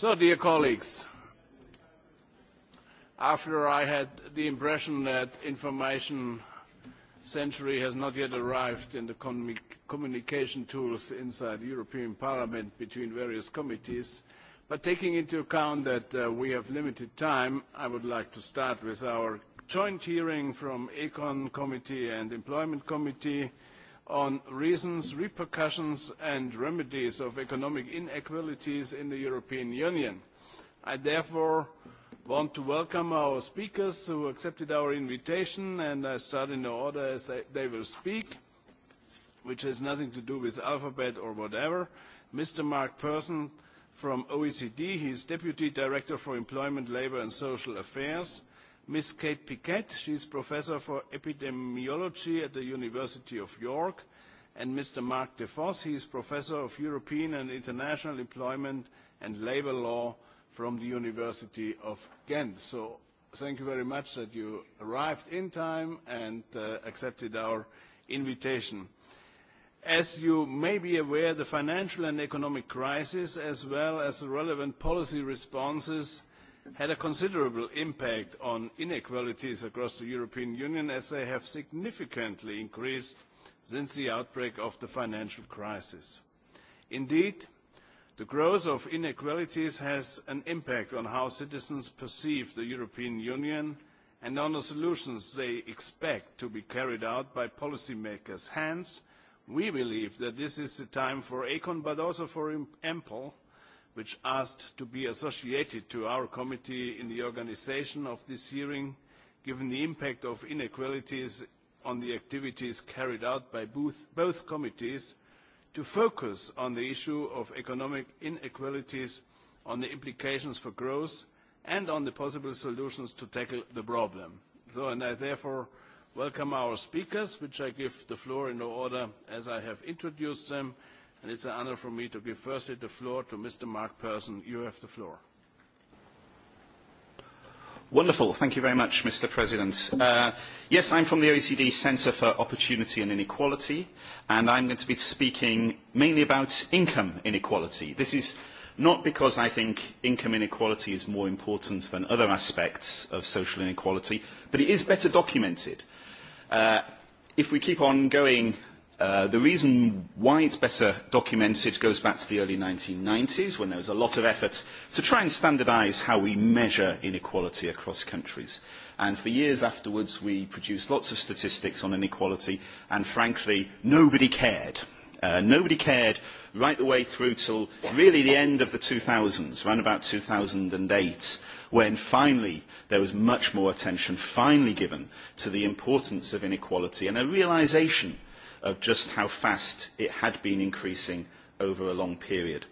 So, dear colleagues, after I had the impression that information century has not yet arrived in the com communication tools inside the European Parliament between various committees, but taking into account that uh, we have limited time, I would like to start with our joint hearing from Econ Committee and Employment Committee on reasons, repercussions and remedies of economic inequalities in the European Union. I therefore want to welcome our speakers who accepted our invitation and I start in the order as they will speak, which has nothing to do with alphabet or whatever. Mr. Mark Persson from OECD, he is Deputy Director for Employment, Labour and Social Affairs. Ms. Kate Piquet, she is Professor for Epidemiology at the University of York, and Mr. Mark DeFoss, he is Professor of European and International Employment and Labour Law from the University of Ghent. So thank you very much that you arrived in time and uh, accepted our invitation. As you may be aware, the financial and economic crisis, as well as the relevant policy responses had a considerable impact on inequalities across the European Union as they have significantly increased since the outbreak of the financial crisis. Indeed, the growth of inequalities has an impact on how citizens perceive the European Union and on the solutions they expect to be carried out by policymakers. Hence, we believe that this is the time for ACON but also for EMPL, which asked to be associated to our committee in the organisation of this hearing, given the impact of inequalities on the activities carried out by both, both committees, to focus on the issue of economic inequalities, on the implications for growth, and on the possible solutions to tackle the problem. So, and I therefore welcome our speakers, which I give the floor in order as I have introduced them and it's an honor for me to give firstly the floor to Mr. Mark Persson. You have the floor. Wonderful. Thank you very much, Mr. President. Uh, yes, I'm from the OECD Centre for Opportunity and Inequality, and I'm going to be speaking mainly about income inequality. This is not because I think income inequality is more important than other aspects of social inequality, but it is better documented. Uh, if we keep on going Uh, the reason why it's better documented goes back to the early 1990s when there was a lot of effort to try and standardise how we measure inequality across countries. And for years afterwards, we produced lots of statistics on inequality, and frankly, nobody cared. Uh, nobody cared right the way through till really the end of the 2000s, around about 2008, when finally there was much more attention finally given to the importance of inequality and a realisation of just how fast it had been increasing over a long period.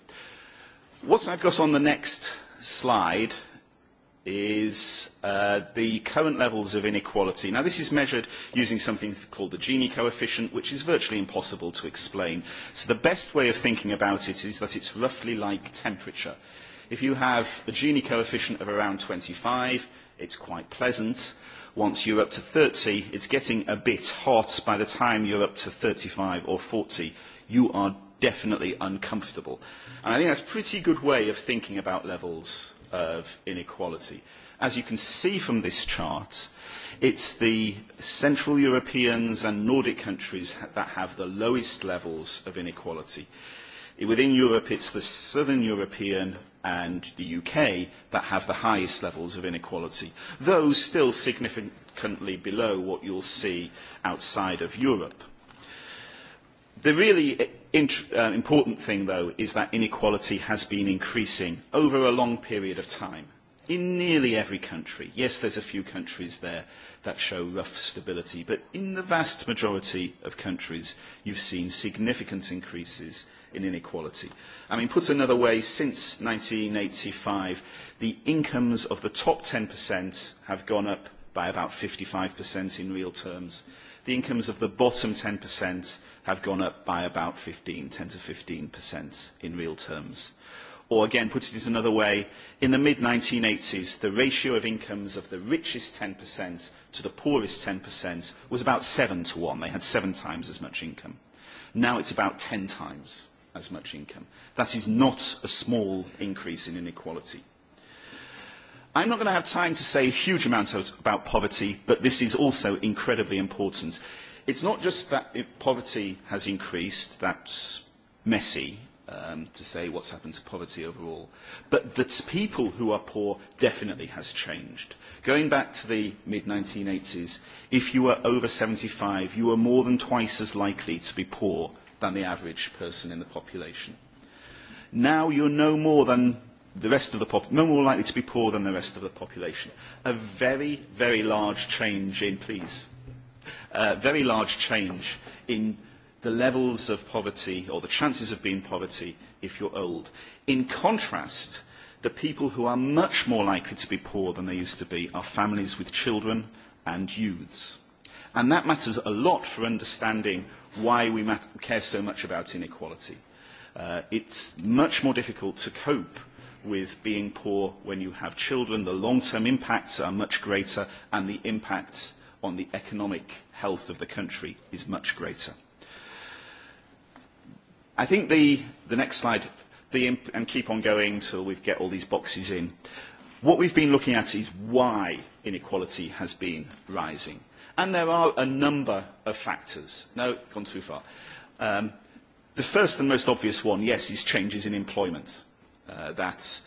What I've got on the next slide is uh, the current levels of inequality. Now, this is measured using something called the Gini coefficient, which is virtually impossible to explain. So the best way of thinking about it is that it's roughly like temperature. If you have a Gini coefficient of around 25, it's quite pleasant. Once are up to 30, it's getting a bit hot by the time you're up to 35 or 40. You are definitely uncomfortable. And I think that's a pretty good way of thinking about levels of inequality. As you can see from this chart, it's the Central Europeans and Nordic countries that have the lowest levels of inequality. Within Europe, it's the Southern European and the UK that have the highest levels of inequality, though still significantly below what you'll see outside of Europe. The really uh, important thing, though, is that inequality has been increasing over a long period of time in nearly every country. Yes, there's a few countries there that show rough stability, but in the vast majority of countries, you've seen significant increases in inequality. I mean, put another way, since 1985, the incomes of the top 10% have gone up by about 55% in real terms. The incomes of the bottom 10% have gone up by about 15, 10 to 15% in real terms. Or again, put it another way, in the mid-1980s, the ratio of incomes of the richest 10% to the poorest 10% was about 7 to 1. They had seven times as much income. Now it's about 10 times as much income. That is not a small increase in inequality. I'm not going to have time to say a huge amount about poverty, but this is also incredibly important. It's not just that poverty has increased, that's messy, um, to say what's happened to poverty overall. But the people who are poor definitely has changed. Going back to the mid-1980s, if you were over 75, you were more than twice as likely to be poor than the average person in the population. Now you're no more than the rest of the pop no more likely to be poor than the rest of the population. A very, very large change in, please, a uh, very large change in the levels of poverty or the chances of being poverty if you're old. In contrast, the people who are much more likely to be poor than they used to be are families with children and youths. And that matters a lot for understanding why we care so much about inequality. Uh, it's much more difficult to cope with being poor when you have children. The long-term impacts are much greater and the impacts on the economic health of the country is much greater. I think the, the next slide, the, and keep on going until we get all these boxes in. What we've been looking at is why inequality has been rising. And there are a number of factors. No, gone too far. Um, the first and most obvious one, yes, is changes in employment. Uh, that's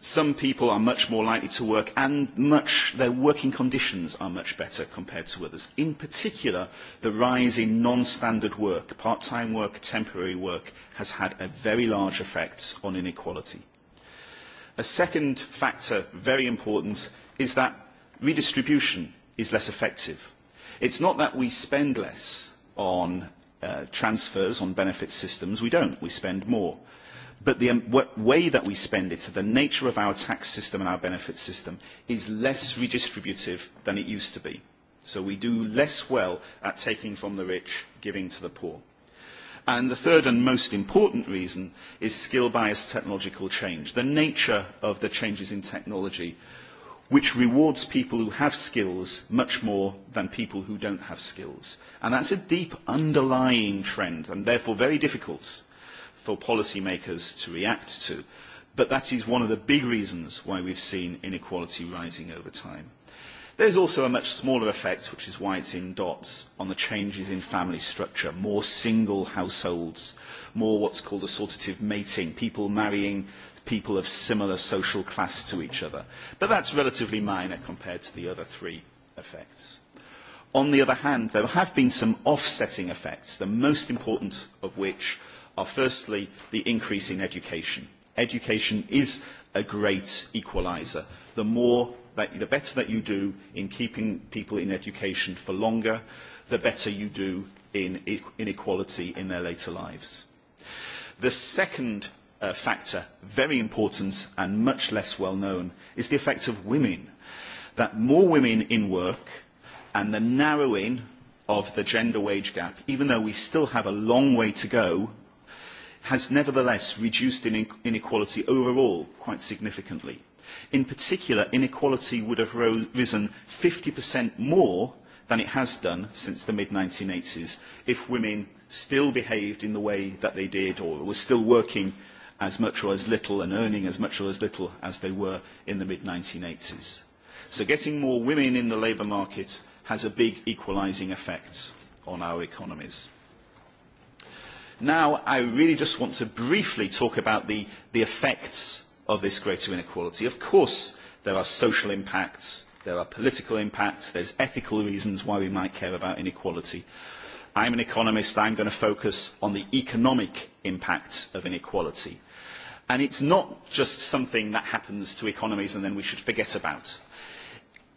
some people are much more likely to work and much, their working conditions are much better compared to others. In particular, the rise in non-standard work, part-time work, temporary work, has had a very large effect on inequality. A second factor, very important, is that redistribution is less effective. It's not that we spend less on uh, transfers, on benefit systems. We don't. We spend more. But the um, way that we spend it, the nature of our tax system and our benefit system, is less redistributive than it used to be. So we do less well at taking from the rich, giving to the poor. And the third and most important reason is skill bias technological change. The nature of the changes in technology which rewards people who have skills much more than people who don't have skills. And that's a deep underlying trend and therefore very difficult for policymakers to react to. But that is one of the big reasons why we've seen inequality rising over time. There's also a much smaller effect, which is why it's in dots, on the changes in family structure, more single households, more what's called assortative mating, people marrying people of similar social class to each other. But that's relatively minor compared to the other three effects. On the other hand, there have been some offsetting effects, the most important of which are firstly the increase in education. Education is a great equaliser. The more that, the better that you do in keeping people in education for longer, the better you do in e-, inequality in their later lives. The second uh, factor, very important and much less well known, is the effect of women. That more women in work and the narrowing of the gender wage gap, even though we still have a long way to go, has nevertheless reduced inequality overall quite significantly. In particular, inequality would have risen 50% more than it has done since the mid-1980s if women still behaved in the way that they did or were still working as much or as little and earning as much or as little as they were in the mid-1980s. So getting more women in the labour market has a big equalising effect on our economies. Now, I really just want to briefly talk about the, the effects of this greater inequality. Of course, there are social impacts, there are political impacts, there's ethical reasons why we might care about inequality. I'm an economist, I'm going to focus on the economic impacts of inequality. And it's not just something that happens to economies and then we should forget about.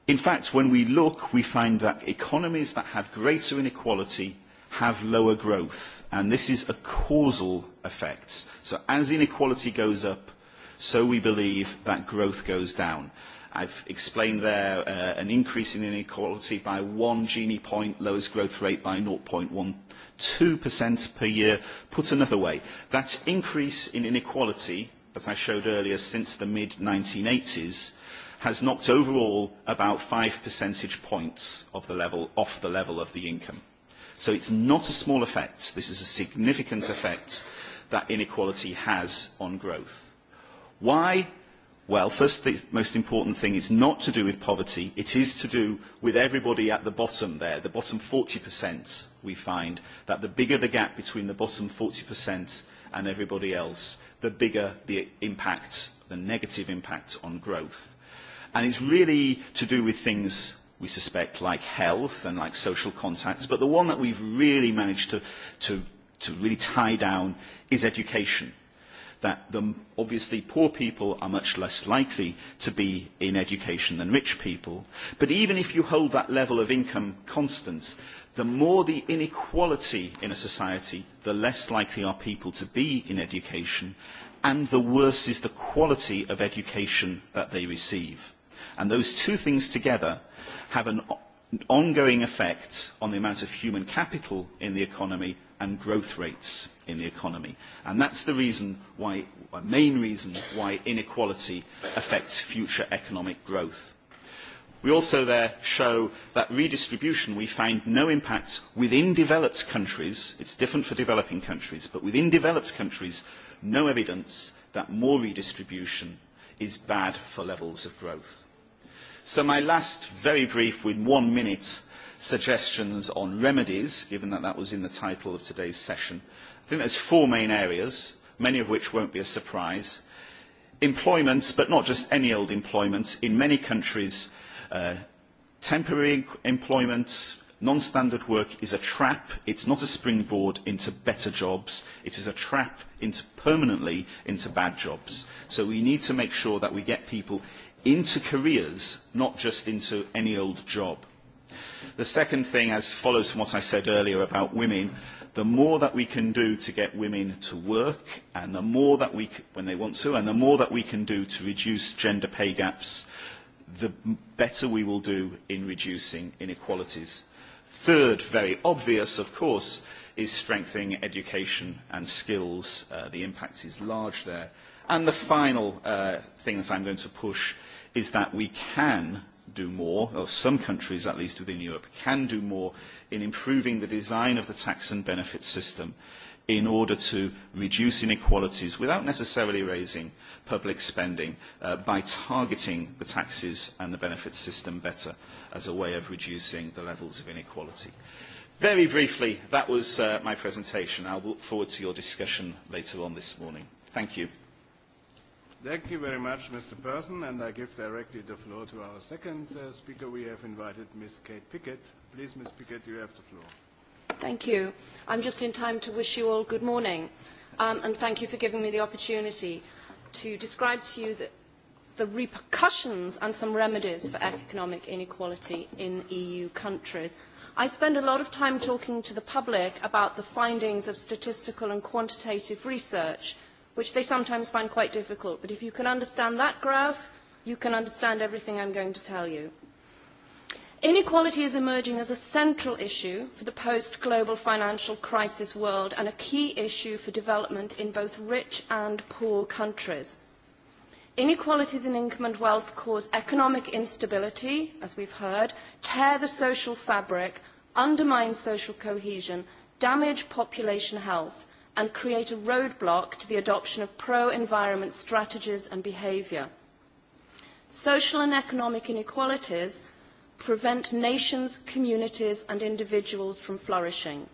In fact, when we look, we find that economies that have greater inequality have lower growth. And this is a causal effect. So as inequality goes up, so we believe that growth goes down. I've explained there uh, an increase in inequality by one Gini point, lowest growth rate by 0.12% per year. Put another way, that increase in inequality that I showed earlier since the mid-1980s has knocked overall about five percentage points of the level, off the level of the income. So it's not a small effect. This is a significant effect that inequality has on growth. Why Well, first, the most important thing is not to do with poverty. It is to do with everybody at the bottom there, the bottom 40%. We find that the bigger the gap between the bottom 40% and everybody else, the bigger the impact, the negative impact on growth. And it's really to do with things we suspect like health and like social contacts, but the one that we've really managed to, to, to really tie down is education that the, obviously poor people are much less likely to be in education than rich people. But even if you hold that level of income constant, the more the inequality in a society, the less likely are people to be in education, and the worse is the quality of education that they receive. And those two things together have an ongoing effect on the amount of human capital in the economy and growth rates in the economy. And that's the reason why, a main reason why inequality affects future economic growth. We also there show that redistribution, we find no impact within developed countries, it's different for developing countries, but within developed countries, no evidence that more redistribution is bad for levels of growth. So my last, very brief, with one minute suggestions on remedies, given that that was in the title of today's session. I think there's four main areas, many of which won't be a surprise. Employment, but not just any old employment. In many countries, uh, temporary employment, non-standard work is a trap. It's not a springboard into better jobs. It is a trap into permanently into bad jobs. So we need to make sure that we get people into careers, not just into any old job. The second thing, as follows from what I said earlier about women, the more that we can do to get women to work, and the more that we, when they want to, and the more that we can do to reduce gender pay gaps, the better we will do in reducing inequalities. Third, very obvious, of course, is strengthening education and skills. Uh, the impact is large there. And the final uh, thing that I'm going to push is that we can do more, or some countries at least within Europe can do more in improving the design of the tax and benefit system in order to reduce inequalities without necessarily raising public spending uh, by targeting the taxes and the benefit system better as a way of reducing the levels of inequality. Very briefly, that was uh, my presentation. I will look forward to your discussion later on this morning. Thank you. Thank you very much, Mr. Person, and I give directly the floor to our second uh, speaker. We have invited Ms. Kate Pickett. Please, Ms. Pickett, you have the floor. Thank you. I'm just in time to wish you all good morning, um, and thank you for giving me the opportunity to describe to you the, the repercussions and some remedies for economic inequality in EU countries. I spend a lot of time talking to the public about the findings of statistical and quantitative research – which they sometimes find quite difficult. But if you can understand that graph, you can understand everything I'm going to tell you. Inequality is emerging as a central issue for the post-global financial crisis world and a key issue for development in both rich and poor countries. Inequalities in income and wealth cause economic instability, as we've heard, tear the social fabric, undermine social cohesion, damage population health, and create a roadblock to the adoption of pro-environment strategies and behaviour. Social and economic inequalities prevent nations, communities and individuals from flourishing.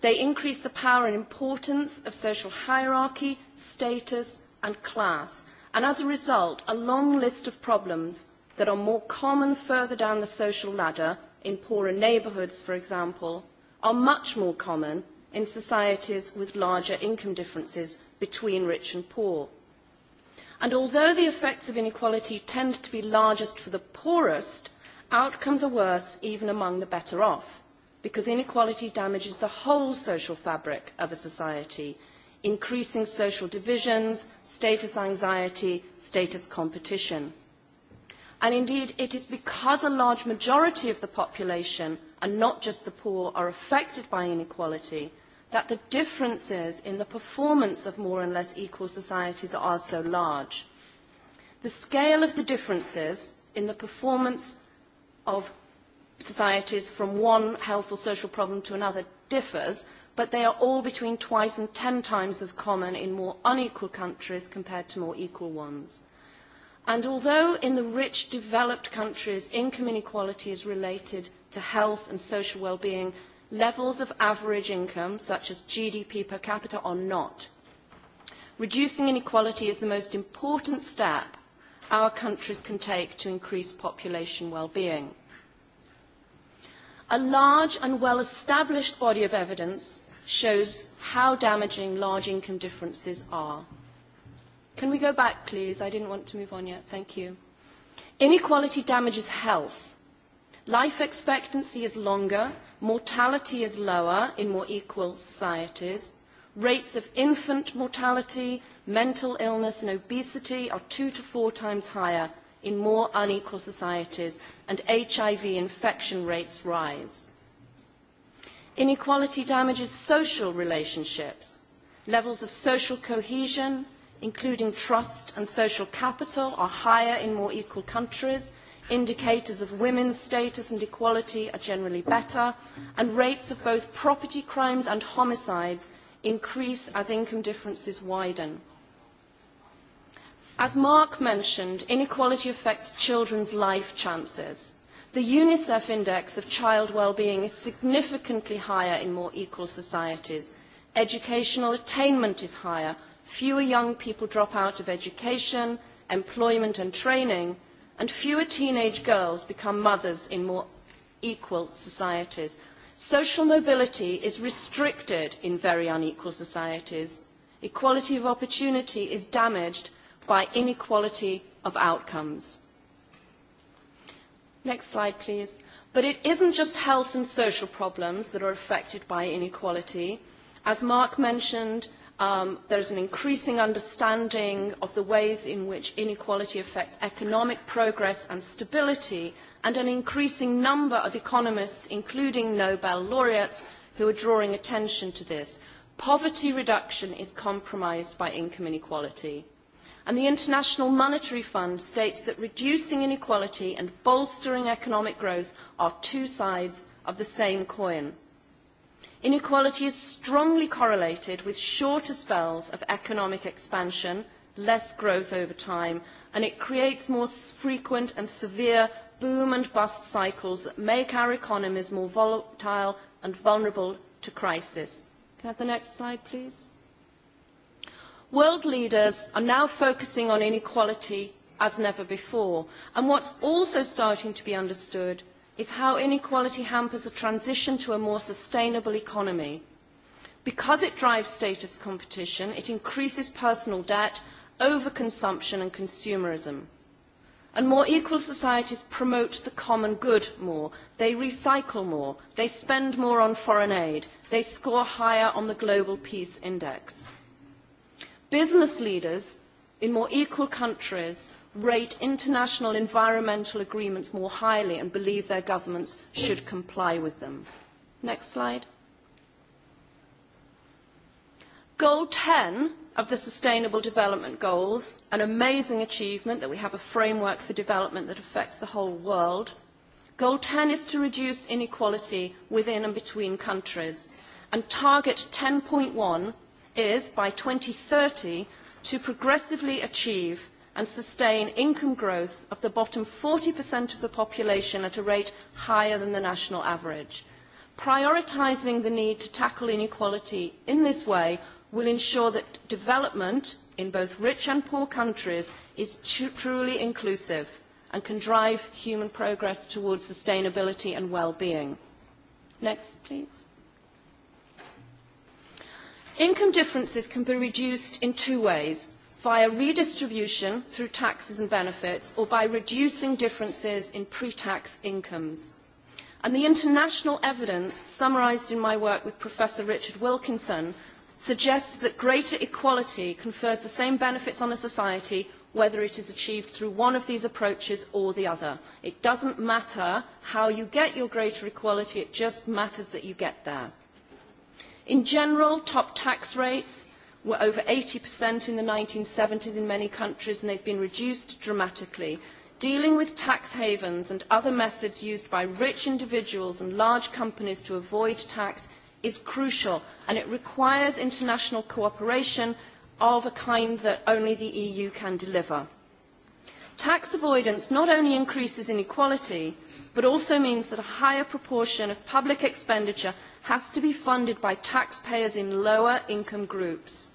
They increase the power and importance of social hierarchy, status and class, and as a result, a long list of problems that are more common further down the social ladder, in poorer neighbourhoods, for example, are much more common in societies with larger income differences between rich and poor. And although the effects of inequality tend to be largest for the poorest, outcomes are worse even among the better off, because inequality damages the whole social fabric of a society, increasing social divisions, status anxiety, status competition. And indeed, it is because a large majority of the population and not just the poor are affected by inequality, that the differences in the performance of more and less equal societies are so large. The scale of the differences in the performance of societies from one health or social problem to another differs, but they are all between twice and ten times as common in more unequal countries compared to more equal ones. And although in the rich, developed countries, income inequality is related to health and social well-being, levels of average income, such as GDP per capita are not. Reducing inequality is the most important step our countries can take to increase population well-being. A large and well-established body of evidence shows how damaging large income differences are. Can we go back, please? I didn't want to move on yet. Thank you. Inequality damages health. Life expectancy is longer, mortality is lower in more equal societies, rates of infant mortality, mental illness and obesity are two to four times higher in more unequal societies, and HIV infection rates rise. Inequality damages social relationships. Levels of social cohesion, including trust and social capital, are higher in more equal countries Indicators of women's status and equality are generally better, and rates of both property crimes and homicides increase as income differences widen. As Mark mentioned, inequality affects children's life chances. The UNICEF index of child well-being is significantly higher in more equal societies. Educational attainment is higher. Fewer young people drop out of education, employment and training, and fewer teenage girls become mothers in more equal societies. Social mobility is restricted in very unequal societies. Equality of opportunity is damaged by inequality of outcomes. Next slide, please. But it isn't just health and social problems that are affected by inequality. As Mark mentioned, Um, there's an increasing understanding of the ways in which inequality affects economic progress and stability, and an increasing number of economists, including Nobel laureates, who are drawing attention to this. Poverty reduction is compromised by income inequality. And the International Monetary Fund states that reducing inequality and bolstering economic growth are two sides of the same coin. Inequality is strongly correlated with shorter spells of economic expansion, less growth over time, and it creates more frequent and severe boom and bust cycles that make our economies more volatile and vulnerable to crisis. Can I have the next slide, please? World leaders are now focusing on inequality as never before, and what's also starting to be understood is how inequality hampers a transition to a more sustainable economy. Because it drives status competition, it increases personal debt, overconsumption and consumerism. And more equal societies promote the common good more. They recycle more. They spend more on foreign aid. They score higher on the Global Peace Index. Business leaders in more equal countries rate international environmental agreements more highly and believe their governments should comply with them. Next slide. Goal 10 of the Sustainable Development Goals, an amazing achievement that we have a framework for development that affects the whole world. Goal 10 is to reduce inequality within and between countries. And target 10.1 is, by 2030, to progressively achieve and sustain income growth of the bottom 40% of the population at a rate higher than the national average. Prioritising the need to tackle inequality in this way will ensure that development in both rich and poor countries is truly inclusive and can drive human progress towards sustainability and well-being. Next, please. Income differences can be reduced in two ways via redistribution through taxes and benefits or by reducing differences in pre-tax incomes. And the international evidence summarised in my work with Professor Richard Wilkinson suggests that greater equality confers the same benefits on a society whether it is achieved through one of these approaches or the other. It doesn't matter how you get your greater equality, it just matters that you get there. In general, top tax rates were over 80% in the 1970s in many countries and they've been reduced dramatically. Dealing with tax havens and other methods used by rich individuals and large companies to avoid tax is crucial and it requires international cooperation of a kind that only the EU can deliver. Tax avoidance not only increases inequality, but also means that a higher proportion of public expenditure has to be funded by taxpayers in lower income groups.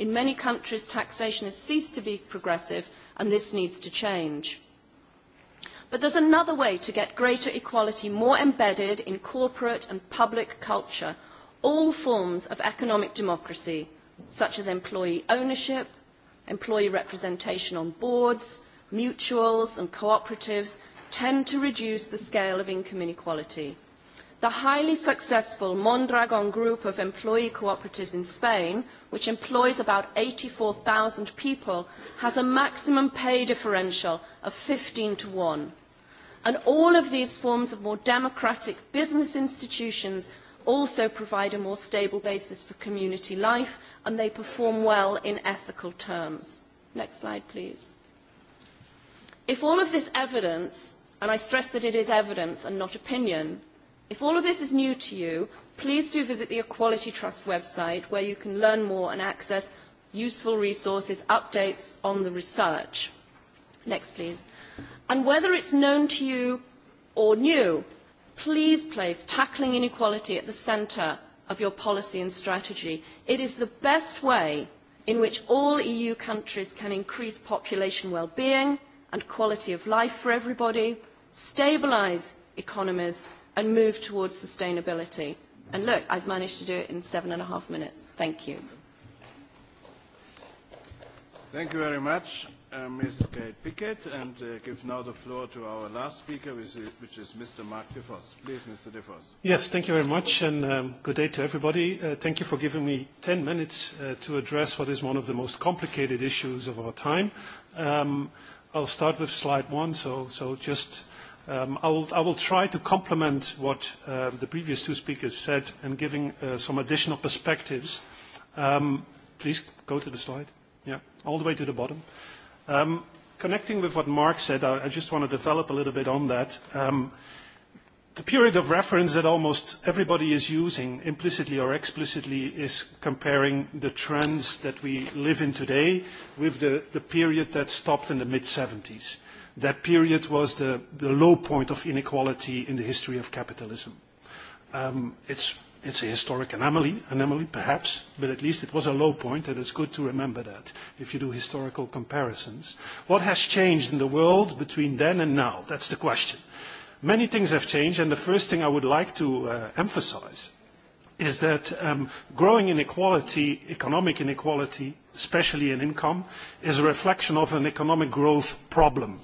In many countries, taxation has ceased to be progressive, and this needs to change. But there's another way to get greater equality more embedded in corporate and public culture, all forms of economic democracy, such as employee ownership, employee representation on boards, mutuals and cooperatives, tend to reduce the scale of income inequality. The highly successful Mondragon group of employee cooperatives in Spain, which employs about 84,000 people, has a maximum pay differential of 15 to 1. And all of these forms of more democratic business institutions also provide a more stable basis for community life and they perform well in ethical terms. Next slide, please. If all of this evidence, and I stress that it is evidence and not opinion, If all of this is new to you, please do visit the Equality Trust website where you can learn more and access useful resources, updates on the research. Next, please. And whether it's known to you or new, please place tackling inequality at the centre of your policy and strategy. It is the best way in which all EU countries can increase population well-being and quality of life for everybody, stabilise economies and move towards sustainability. And look, I've managed to do it in seven and a half minutes. Thank you. Thank you very much, uh, Ms. Kate Pickett, and uh, give now the floor to our last speaker, which is, which is Mr. Mark DeVos. Please, Mr. DeVos. Yes, thank you very much, and um, good day to everybody. Uh, thank you for giving me 10 minutes uh, to address what is one of the most complicated issues of our time. Um, I'll start with slide one, so, so just Um, I, will, I will try to complement what uh, the previous two speakers said and giving uh, some additional perspectives. Um, please go to the slide. Yeah, all the way to the bottom. Um, connecting with what Mark said, I, I just want to develop a little bit on that. Um, the period of reference that almost everybody is using, implicitly or explicitly, is comparing the trends that we live in today with the, the period that stopped in the mid-70s that period was the, the low point of inequality in the history of capitalism. Um, it's, it's a historic anomaly, anomaly, perhaps, but at least it was a low point, and it's good to remember that if you do historical comparisons. What has changed in the world between then and now? That's the question. Many things have changed, and the first thing I would like to uh, emphasize is that um, growing inequality, economic inequality, especially in income, is a reflection of an economic growth problem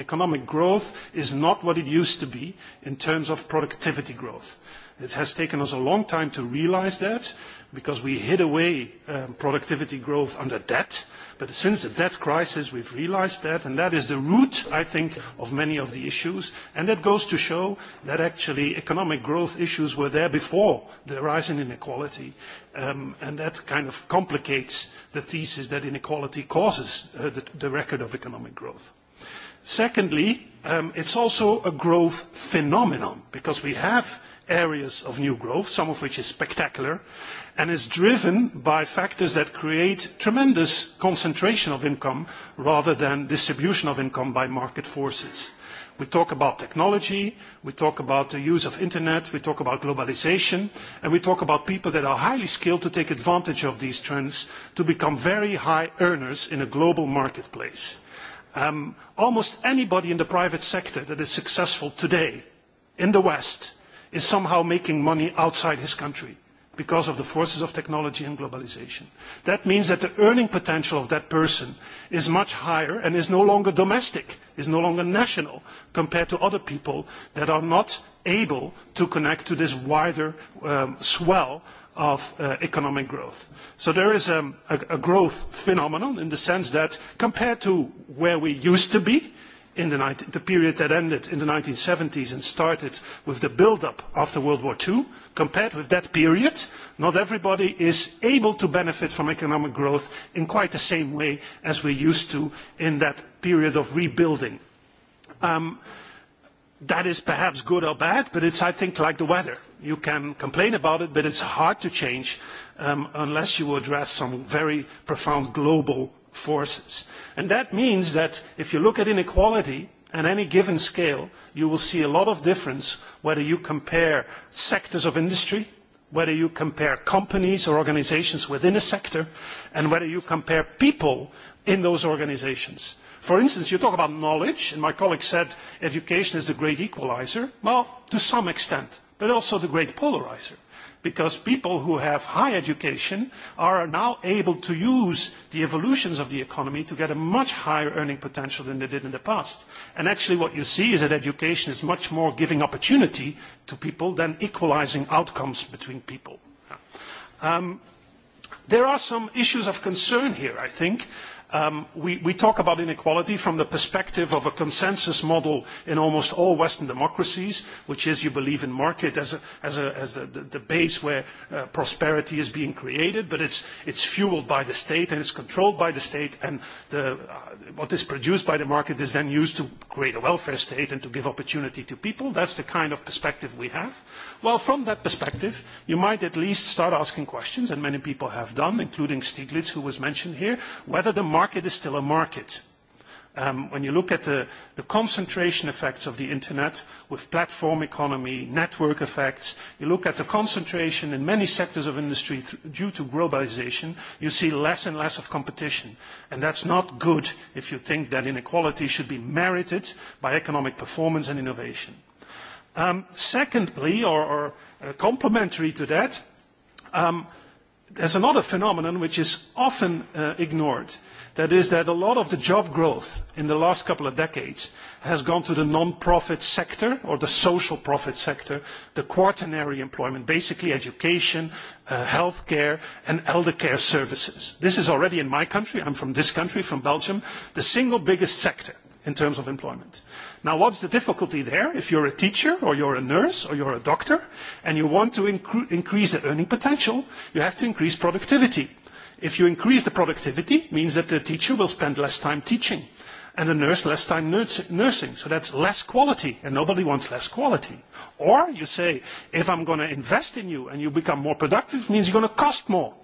economic growth is not what it used to be in terms of productivity growth. It has taken us a long time to realize that because we hid away um, productivity growth under debt. But since the debt crisis, we've realized that, and that is the root, I think, of many of the issues. And that goes to show that actually economic growth issues were there before the rise in inequality. Um, and that kind of complicates the thesis that inequality causes uh, the, the record of economic growth. Secondly, um, it's also a growth phenomenon because we have areas of new growth, some of which is spectacular, and is driven by factors that create tremendous concentration of income rather than distribution of income by market forces. We talk about technology, we talk about the use of internet, we talk about globalization, and we talk about people that are highly skilled to take advantage of these trends to become very high earners in a global marketplace. Um, almost anybody in the private sector that is successful today in the West is somehow making money outside his country because of the forces of technology and globalization. That means that the earning potential of that person is much higher and is no longer domestic, is no longer national compared to other people that are not able to connect to this wider um, swell of uh, economic growth. So there is a, um, a, a growth phenomenon in the sense that compared to where we used to be, in the, the period that ended in the 1970s and started with the build-up after World War II, compared with that period, not everybody is able to benefit from economic growth in quite the same way as we used to in that period of rebuilding. Um, that is perhaps good or bad, but it's, I think, like the weather. You can complain about it, but it's hard to change um, unless you address some very profound global forces. And that means that if you look at inequality on any given scale, you will see a lot of difference whether you compare sectors of industry, whether you compare companies or organizations within a sector, and whether you compare people in those organizations. For instance, you talk about knowledge, and my colleague said education is the great equalizer. Well, to some extent, but also the great polarizer because people who have high education are now able to use the evolutions of the economy to get a much higher earning potential than they did in the past. And actually what you see is that education is much more giving opportunity to people than equalizing outcomes between people. Um, there are some issues of concern here, I think. Um, we, we talk about inequality from the perspective of a consensus model in almost all Western democracies, which is you believe in market as, a, as, a, as a, the, the base where uh, prosperity is being created, but it's, it's fueled by the state and it's controlled by the state, and the, uh, what is produced by the market is then used to create a welfare state and to give opportunity to people. That's the kind of perspective we have. Well, from that perspective, you might at least start asking questions, and many people have done, including Stieglitz, who was mentioned here, whether the market is still a market. Um, when you look at the, the concentration effects of the internet with platform economy, network effects, you look at the concentration in many sectors of industry th due to globalization, you see less and less of competition. And that's not good if you think that inequality should be merited by economic performance and innovation. Um, secondly, or, or uh, complementary to that, um, there's another phenomenon which is often uh, ignored. That is that a lot of the job growth in the last couple of decades has gone to the non-profit sector or the social profit sector, the quaternary employment, basically education, uh, health care and elder care services. This is already in my country, I'm from this country, from Belgium, the single biggest sector in terms of employment. Now, what's the difficulty there? If you're a teacher or you're a nurse or you're a doctor and you want to incre increase the earning potential, you have to increase productivity. If you increase the productivity, it means that the teacher will spend less time teaching and the nurse less time nursing. So that's less quality, and nobody wants less quality. Or you say, if I'm going to invest in you and you become more productive, it means you're going to cost more.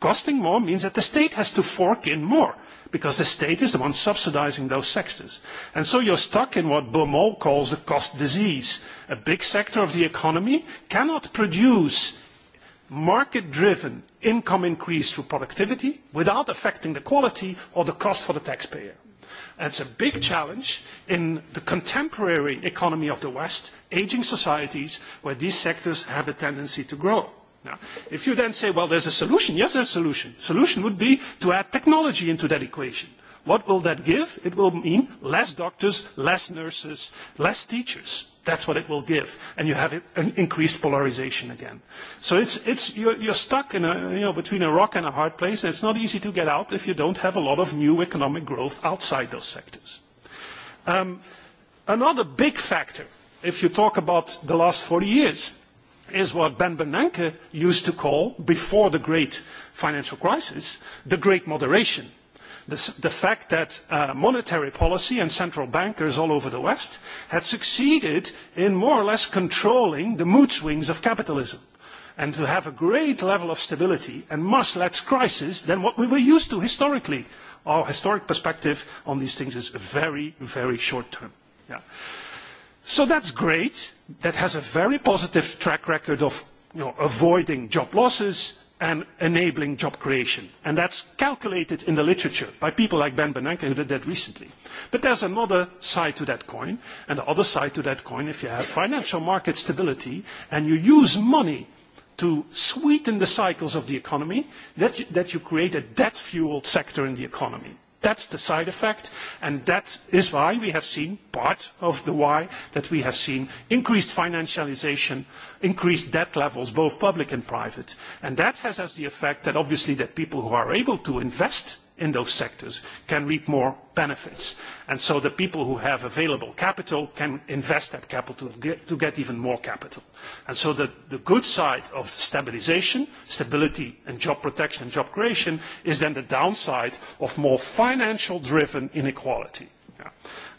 Costing more means that the state has to fork in more because the state is the one subsidizing those sectors. And so you're stuck in what Beaumont calls the cost disease. A big sector of the economy cannot produce market-driven income increase through productivity without affecting the quality or the cost for the taxpayer. That's a big challenge in the contemporary economy of the West, aging societies, where these sectors have a tendency to grow. Now, if you then say, well, there's a solution, yes, there's a solution. Solution would be to add technology into that equation. What will that give? It will mean less doctors, less nurses, less teachers. That's what it will give. And you have an increased polarization again. So it's, it's, you're, you're stuck in a, you know, between a rock and a hard place, and it's not easy to get out if you don't have a lot of new economic growth outside those sectors. Um, another big factor, if you talk about the last 40 years, is what Ben Bernanke used to call, before the great financial crisis, the great moderation. The, the fact that uh, monetary policy and central bankers all over the West had succeeded in more or less controlling the mood swings of capitalism and to have a great level of stability and much less crisis than what we were used to historically. Our historic perspective on these things is very, very short term. Yeah. So that's great that has a very positive track record of you know, avoiding job losses and enabling job creation. And that's calculated in the literature by people like Ben Bernanke who did that recently. But there's another side to that coin, and the other side to that coin, if you have financial market stability and you use money to sweeten the cycles of the economy, that you, that you create a debt-fueled sector in the economy. That's the side effect, and that is why we have seen part of the why that we have seen increased financialization, increased debt levels, both public and private. And that has as the effect that obviously that people who are able to invest in those sectors can reap more benefits. And so the people who have available capital can invest that capital get, to get even more capital. And so the, the good side of stabilization, stability and job protection and job creation is then the downside of more financial driven inequality. Yeah.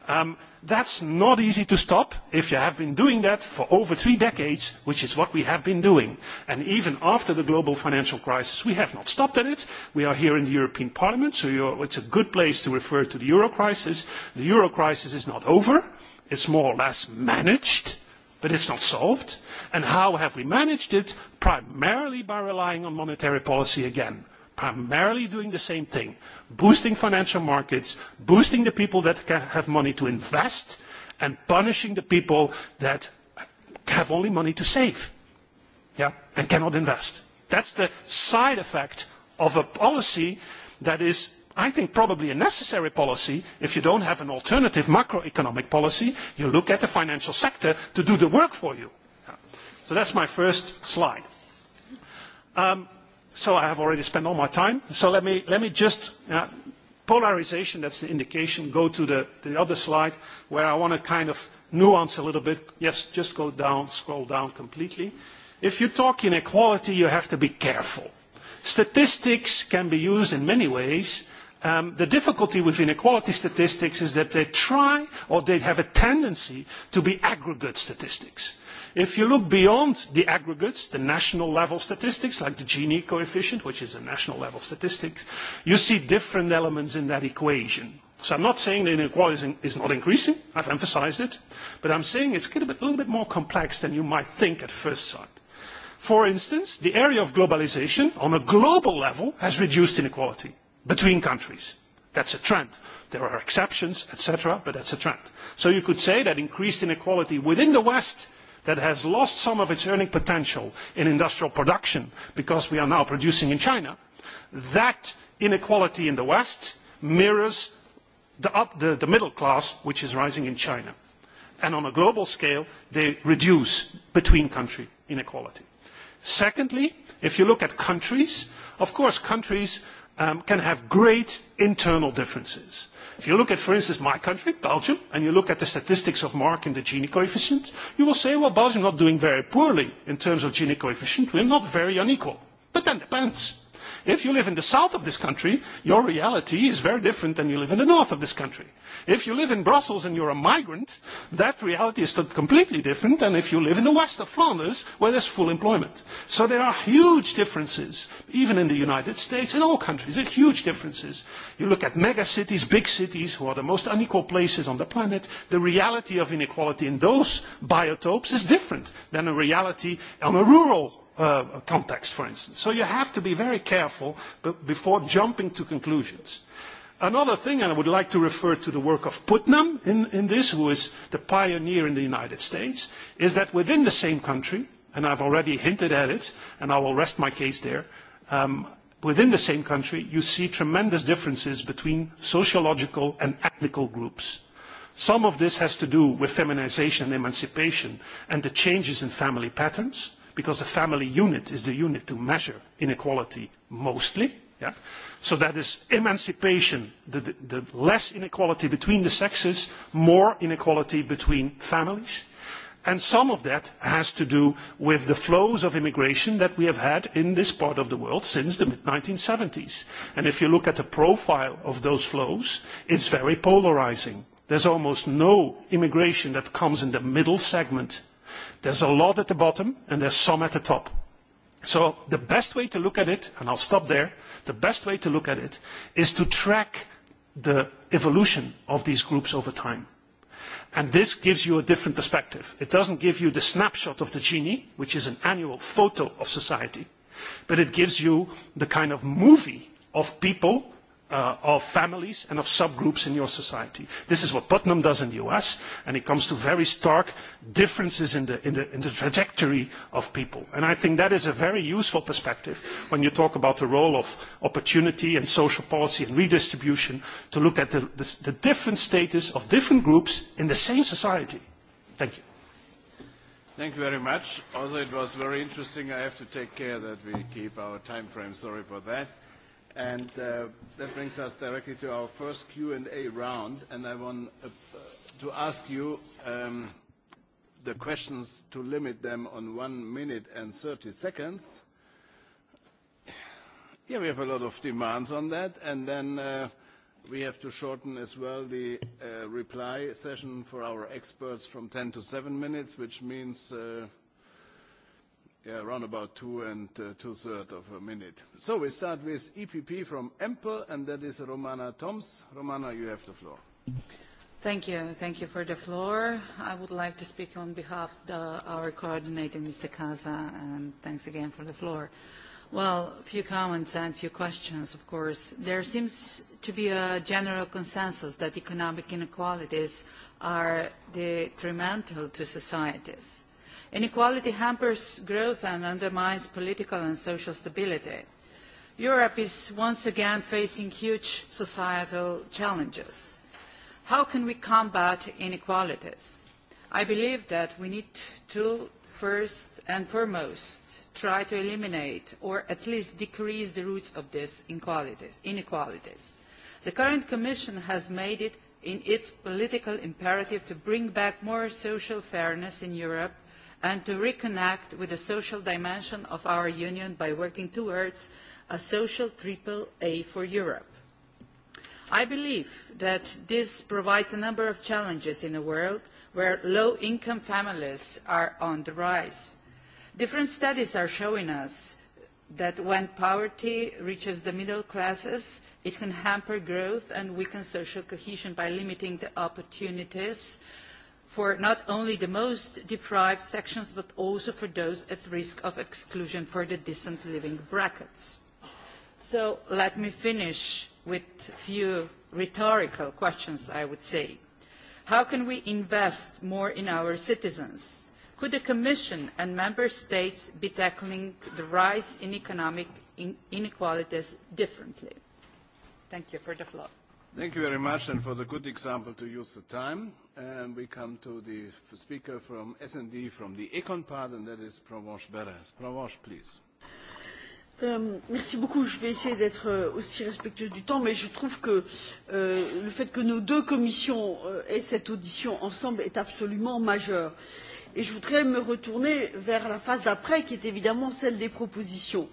Um, that's not easy to stop if you have been doing that for over three decades, which is what we have been doing. And even after the global financial crisis, we have not stopped at it. We are here in the European Parliament, so you're, it's a good place to refer to the euro crisis. The euro crisis is not over. It's more or less managed, but it's not solved. And how have we managed it? Primarily by relying on monetary policy again primarily doing the same thing, boosting financial markets, boosting the people that can have money to invest, and punishing the people that have only money to save yeah, and cannot invest. That's the side effect of a policy that is, I think, probably a necessary policy. If you don't have an alternative macroeconomic policy, you look at the financial sector to do the work for you. Yeah. So that's my first slide. Um, So I have already spent all my time. So let me, let me just, uh, polarization, that's the indication. Go to the, the other slide where I want to kind of nuance a little bit. Yes, just go down, scroll down completely. If you talk inequality, you have to be careful. Statistics can be used in many ways. Um, the difficulty with inequality statistics is that they try or they have a tendency to be aggregate statistics. If you look beyond the aggregates, the national level statistics, like the Gini coefficient, which is a national level statistic, you see different elements in that equation. So I'm not saying that inequality is not increasing, I've emphasized it, but I'm saying it's a little bit, a little bit more complex than you might think at first sight. For instance, the area of globalization on a global level has reduced inequality between countries. That's a trend. There are exceptions, etc., but that's a trend. So you could say that increased inequality within the West that has lost some of its earning potential in industrial production because we are now producing in China, that inequality in the West mirrors the, up, the, the middle class which is rising in China. And on a global scale, they reduce between country inequality. Secondly, if you look at countries, of course countries um, can have great internal differences. If you look at, for instance, my country, Belgium, and you look at the statistics of Mark and the Gini coefficient, you will say, well, Belgium not doing very poorly in terms of Gini coefficient. We're not very unequal. But then depends. If you live in the south of this country, your reality is very different than you live in the north of this country. If you live in Brussels and you're a migrant, that reality is completely different than if you live in the west of Flanders, where there's full employment. So there are huge differences, even in the United States, in all countries, there are huge differences. You look at mega cities, big cities, who are the most unequal places on the planet, the reality of inequality in those biotopes is different than a reality on a rural Uh, context, for instance. So you have to be very careful before jumping to conclusions. Another thing, and I would like to refer to the work of Putnam in, in this, who is the pioneer in the United States, is that within the same country, and I've already hinted at it, and I will rest my case there, um, within the same country, you see tremendous differences between sociological and ethnical groups. Some of this has to do with feminization and emancipation and the changes in family patterns because the family unit is the unit to measure inequality mostly. Yeah? So that is emancipation, the, the, the less inequality between the sexes, more inequality between families. And some of that has to do with the flows of immigration that we have had in this part of the world since the mid-1970s. And if you look at the profile of those flows, it's very polarizing. There's almost no immigration that comes in the middle segment There's a lot at the bottom and there's some at the top. So the best way to look at it, and I'll stop there, the best way to look at it is to track the evolution of these groups over time. And this gives you a different perspective. It doesn't give you the snapshot of the genie, which is an annual photo of society, but it gives you the kind of movie of people uh, of families and of subgroups in your society. This is what Putnam does in the US, and it comes to very stark differences in the, in the, in the trajectory of people. And I think that is a very useful perspective when you talk about the role of opportunity and social policy and redistribution to look at the, the, the different status of different groups in the same society. Thank you. Thank you very much. Although it was very interesting, I have to take care that we keep our time frame. Sorry for that. And uh, that brings us directly to our first Q&A round. And I want uh, to ask you um, the questions to limit them on one minute and 30 seconds. Yeah, we have a lot of demands on that. And then uh, we have to shorten as well the uh, reply session for our experts from 10 to 7 minutes, which means uh, – Yeah, around about two and uh, two-thirds of a minute. So we start with EPP from EMPL, and that is Romana Toms. Romana, you have the floor. Thank you. Thank you for the floor. I would like to speak on behalf of the, our coordinator, Mr. Casa, and thanks again for the floor. Well, a few comments and a few questions, of course. There seems to be a general consensus that economic inequalities are detrimental to societies. Inequality hampers growth and undermines political and social stability. Europe is once again facing huge societal challenges. How can we combat inequalities? I believe that we need to first and foremost try to eliminate or at least decrease the roots of these inequalities. The current Commission has made it in its political imperative to bring back more social fairness in Europe and to reconnect with the social dimension of our union by working towards a social triple A for Europe. I believe that this provides a number of challenges in a world where low-income families are on the rise. Different studies are showing us that when poverty reaches the middle classes, it can hamper growth and weaken social cohesion by limiting the opportunities uh, for not only the most deprived sections but also for those at risk of exclusion for the decent living brackets. So let me finish with a few rhetorical questions, I would say. How can we invest more in our citizens? Could the Commission and Member States be tackling the rise in economic inequalities differently? Thank you for the floor. Thank you very much and for the good example to use the time and we come to the speaker from S&D from the Econ part, and that is Provence Beres. Provence, please. Euh, merci beaucoup. Je vais essayer d'être euh, aussi respectueuse du temps, mais je trouve que euh, le fait que nos deux commissions euh, aient cette audition ensemble est absolument majeur. Et je voudrais me retourner vers la phase d'après, qui est évidemment celle des propositions.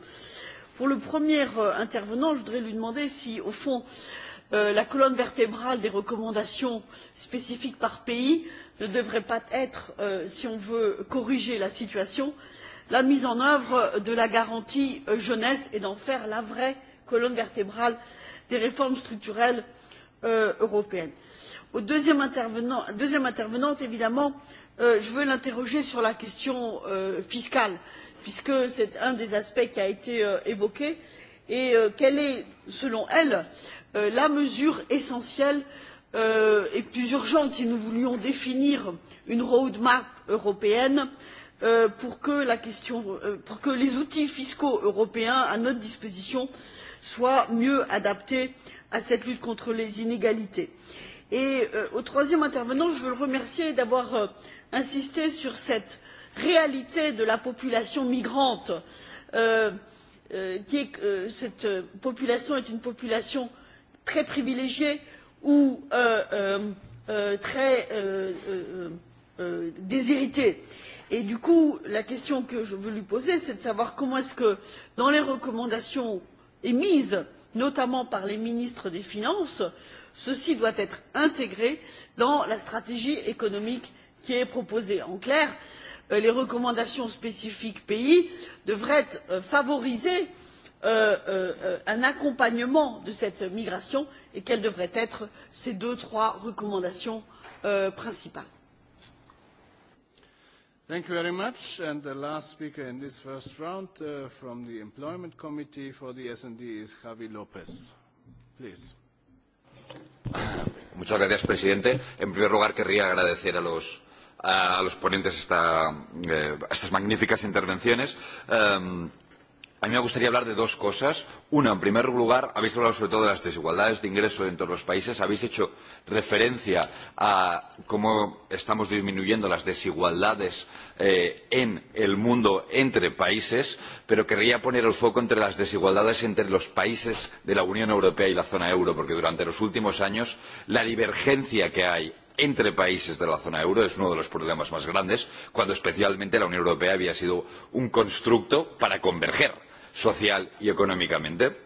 Pour le premier euh, intervenant, je voudrais lui demander si, au fond, euh, euh, la colonne vertébrale des recommandations spécifiques par pays ne devrait pas être, euh, si on veut corriger la situation, la mise en œuvre de la garantie euh, jeunesse et d'en faire la vraie colonne vertébrale des réformes structurelles euh, européennes. Au deuxième, intervenant, deuxième intervenante, évidemment, euh, je veux l'interroger sur la question euh, fiscale, puisque c'est un des aspects qui a été euh, évoqué et euh, quelle est, selon elle, euh, la mesure essentielle euh, et plus urgente si nous voulions définir une roadmap européenne euh, pour, que la question, euh, pour que les outils fiscaux européens à notre disposition soient mieux adaptés à cette lutte contre les inégalités. Et euh, au troisième intervenant, je veux le remercier d'avoir euh, insisté sur cette réalité de la population migrante. Euh, Euh, qui est que cette euh, population est une population très privilégiée ou euh, très déshéritée. Et du coup, la question que je veux lui poser, c'est de savoir comment est-ce que, dans les recommandations émises, notamment par les ministres des Finances, ceci doit être intégré dans la stratégie économique qui est proposée. En clair, Euh, les recommandations spécifiques pays devrait euh, favoriser euh, un accompagnement de cette migration et quelles devraient être ces deux trois recommandations principales. Thank you very much. And the last speaker in this first round uh, from the Employment Committee for the S&D is Javi Please. Muchas gracias, presidente. En primer lugar, querría agradecer a los a los ponentes esta, eh, estas magníficas intervenciones. Eh, a mí me gustaría hablar de dos cosas. Una, en primer lugar, habéis hablado sobre todo de las desigualdades de ingreso entre los países. Habéis hecho referencia a cómo estamos disminuyendo las desigualdades eh, en el mundo entre países, pero querría poner el foco entre las desigualdades entre los países de la Unión Europea y la zona euro, porque durante los últimos años la divergencia que hay entre países de la zona euro es uno de los problemas más grandes, cuando especialmente la Unión Europea había sido un constructo para converger social y económicamente.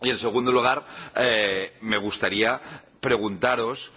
Y en segundo lugar, eh, me gustaría preguntaros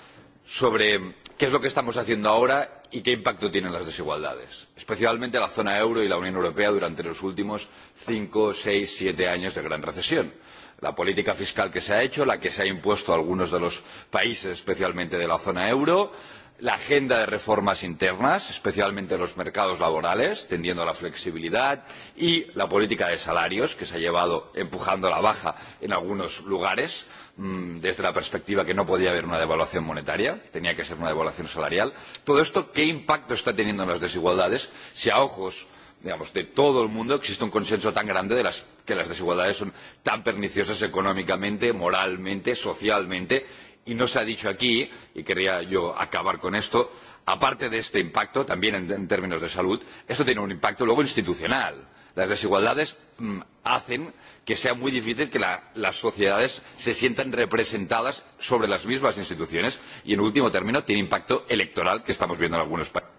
sobre qué es lo que estamos haciendo ahora y qué impacto tienen las desigualdades, especialmente la zona euro y la Unión Europea durante los últimos cinco, seis, siete años de gran recesión la política fiscal que se ha hecho, la que se ha impuesto a algunos de los países, especialmente de la zona euro, la agenda de reformas internas, especialmente en los mercados laborales, tendiendo a la flexibilidad, y la política de salarios, que se ha llevado empujando a la baja en algunos lugares, mm, desde la perspectiva que no podía haber una devaluación monetaria, tenía que ser una devaluación salarial. Todo esto, ¿qué impacto está teniendo en las desigualdades? Si a ojos digamos, de todo el mundo existe un consenso tan grande de las, que las desigualdades son tan perniciosas económicamente, moralmente, socialmente, y no se ha dicho aquí, y quería yo acabar con esto, aparte de este impacto, también en, en términos de salud, esto tiene un impacto luego institucional. Las desigualdades mm, hacen que sea muy difícil que la, las sociedades se sientan representadas sobre las mismas instituciones y, en último término, tiene impacto electoral que estamos viendo en algunos países.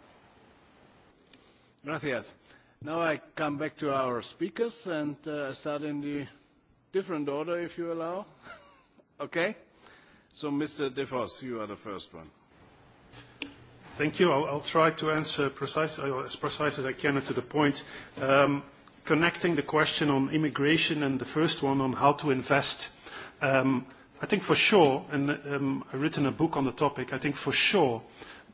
Gracias. Now I come back to our speakers and uh, start in the different order, if you allow. okay? So, Mr. DeVos, you are the first one. Thank you. I'll, I'll try to answer precise, uh, as precise as I can and to the point. Um, connecting the question on immigration and the first one on how to invest, um, I think for sure, and um, I've written a book on the topic, I think for sure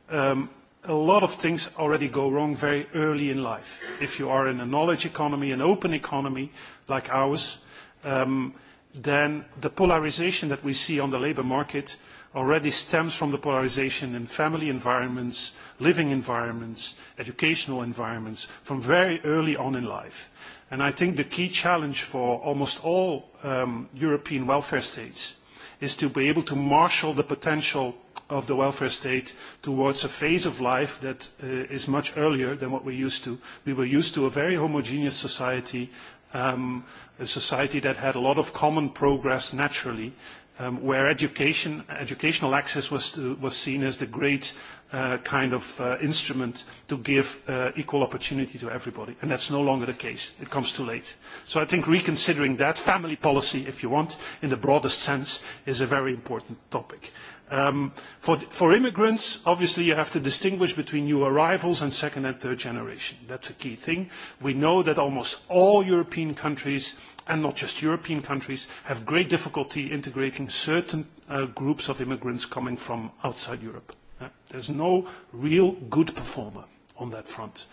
um, a lot of things already go wrong very early in life. If you are in a knowledge economy, an open economy like ours, um, then the polarization that we see on the labor market already stems from the polarization in family environments, living environments, educational environments, from very early on in life. And I think the key challenge for almost all um, European welfare states is to be able to marshal the potential of the welfare state towards a phase of life that uh, is much earlier than what we used to. We were used to a very homogeneous society, um, a society that had a lot of common progress naturally, um, where education, educational access was, to, was seen as the great uh, kind of uh, instrument to give uh, equal opportunity to everybody. And that's no longer the case. It comes too late. So I think reconsidering that family policy, if you want, in the broadest sense, is a very important topic. Um, for, for immigrants, obviously you have to distinguish between new arrivals and second and third generation. That's a key thing. We know that almost all European countries, and not just European countries, have great difficulty integrating certain uh, groups of immigrants coming from outside Europe. Uh, there's no real good performer on that front.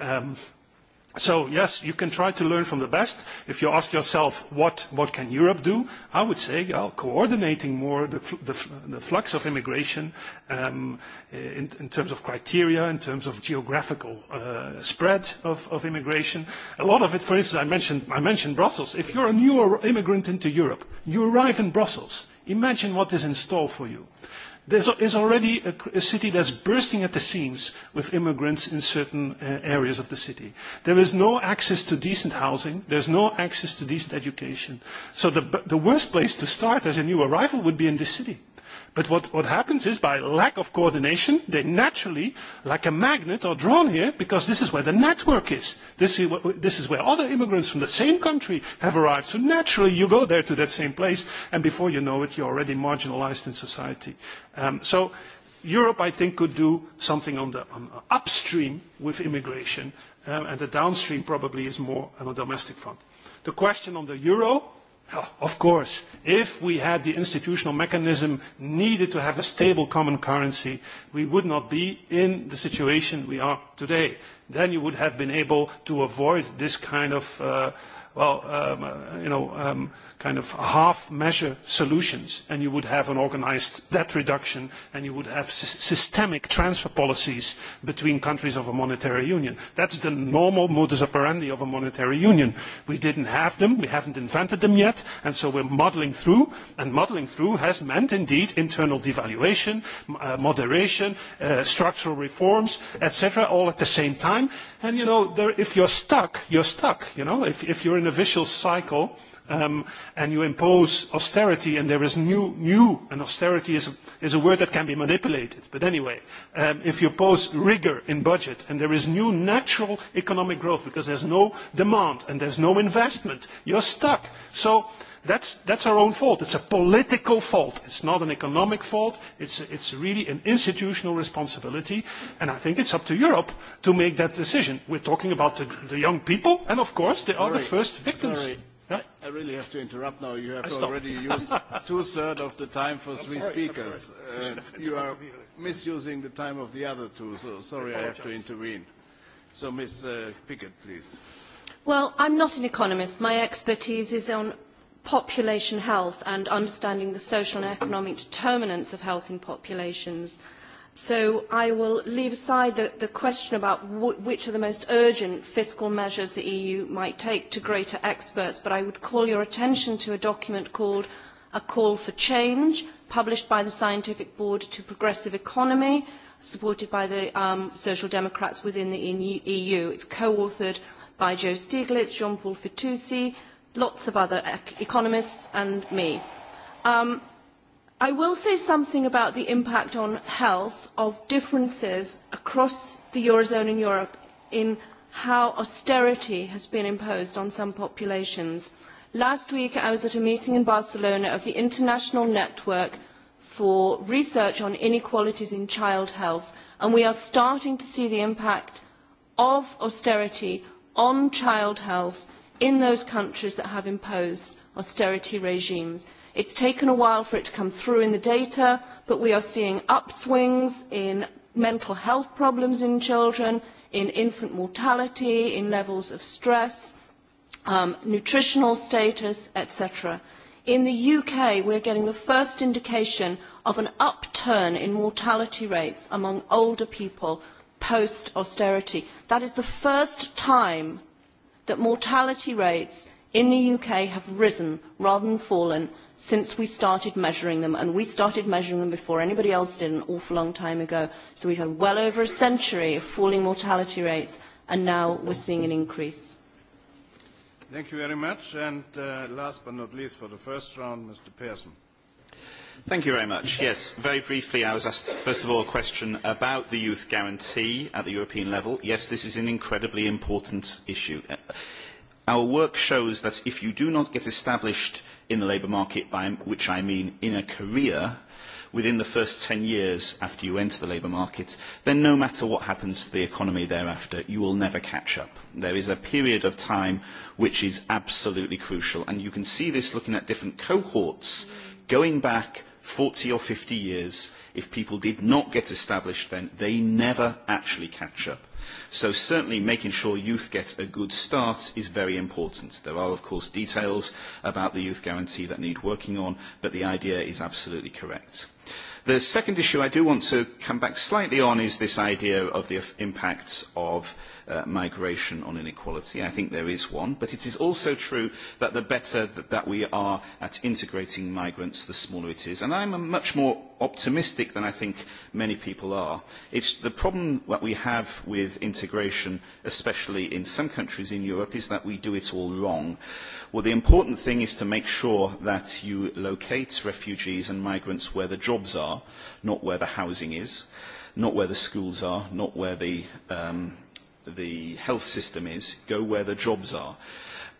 Um, So yes, you can try to learn from the best. If you ask yourself, what, what can Europe do? I would say, well, coordinating more the, the, the flux of immigration um, in, in terms of criteria, in terms of geographical uh, spread of, of immigration. A lot of it, for instance, I mentioned, I mentioned Brussels. If you're a new immigrant into Europe, you arrive in Brussels. Imagine what is in store for you. There's, is already a, a city that's bursting at the seams with immigrants in certain uh, areas of the city. There is no access to decent housing. There's no access to decent education. So the, the worst place to start as a new arrival would be in this city. But what, what happens is by lack of coordination, they naturally, like a magnet, are drawn here because this is where the network is. This is, this is where other immigrants from the same country have arrived. So naturally, you go there to that same place, and before you know it, you're already marginalized in society. Um, so Europe, I think, could do something on the on upstream with immigration, um, and the downstream probably is more on a domestic front. The question on the euro, Of course, if we had the institutional mechanism needed to have a stable common currency, we would not be in the situation we are today. Then you would have been able to avoid this kind of, uh, well, um, uh, you know, um, kind of half-measure solutions, and you would have an organized debt reduction, and you would have systemic transfer policies between countries of a monetary union. That's the normal modus operandi of a monetary union. We didn't have them, we haven't invented them yet, and so we're modeling through, and modeling through has meant indeed internal devaluation, uh, moderation, uh, structural reforms, etc., all at the same time. And you know, there, if you're stuck, you're stuck. You know, if, if you're in a vicious cycle, um, and you impose austerity, and there is new, new and austerity is a, is a word that can be manipulated. But anyway, um, if you impose rigor in budget, and there is new natural economic growth because there's no demand and there's no investment, you're stuck. So that's, that's our own fault. It's a political fault. It's not an economic fault. It's, it's really an institutional responsibility. And I think it's up to Europe to make that decision. We're talking about the, the young people, and of course, they Sorry. are the first victims. Sorry I really have to interrupt now. You have already used two-thirds of the time for three speakers. Uh, you are misusing the time of the other two, so sorry I, have to intervene. So Ms. Uh, Pickett, please. Well, I'm not an economist. My expertise is on population health and understanding the social and economic determinants of health in populations – So I will leave aside the, the question about w which are the most urgent fiscal measures the EU might take to greater experts, but I would call your attention to a document called A Call for Change, published by the Scientific Board to Progressive Economy, supported by the um, Social Democrats within the EU. E It's co-authored by Joe Stiglitz, Jean-Paul Fitoussi, lots of other ec economists, and me. Um, I will say something about the impact on health of differences across the Eurozone and Europe in how austerity has been imposed on some populations. Last week I was at a meeting in Barcelona of the International Network for Research on Inequalities in Child Health and we are starting to see the impact of austerity on child health in those countries that have imposed austerity regimes. It's taken a while for it to come through in the data, but we are seeing upswings in mental health problems in children, in infant mortality, in levels of stress, um, nutritional status, etc. In the UK, we're getting the first indication of an upturn in mortality rates among older people post-austerity. That is the first time that mortality rates in the UK have risen rather than fallen since we started measuring them, and we started measuring them before anybody else did an awful long time ago. So we've had well over a century of falling mortality rates, and now we're seeing an increase. Thank you very much. And uh, last but not least, for the first round, Mr. Pearson. Thank you very much. Yes, very briefly, I was asked, first of all, a question about the youth guarantee at the European level. Yes, this is an incredibly important issue. Uh, our work shows that if you do not get established in the labour market, by which I mean in a career, within the first 10 years after you enter the labour market, then no matter what happens to the economy thereafter, you will never catch up. There is a period of time which is absolutely crucial, and you can see this looking at different cohorts going back 40 or 50 years. If people did not get established then, they never actually catch up. So certainly making sure youth get a good start is very important. There are, of course, details about the youth guarantee that need working on, but the idea is absolutely correct. The second issue I do want to come back slightly on is this idea of the impacts of uh, migration on inequality. I think there is one, but it is also true that the better that, that we are at integrating migrants, the smaller it is. And I'm much more optimistic than I think many people are. It's the problem that we have with integration, especially in some countries in Europe, is that we do it all wrong. Well, the important thing is to make sure that you locate refugees and migrants where the jobs are, not where the housing is, not where the schools are, not where the um, the health system is, go where the jobs are,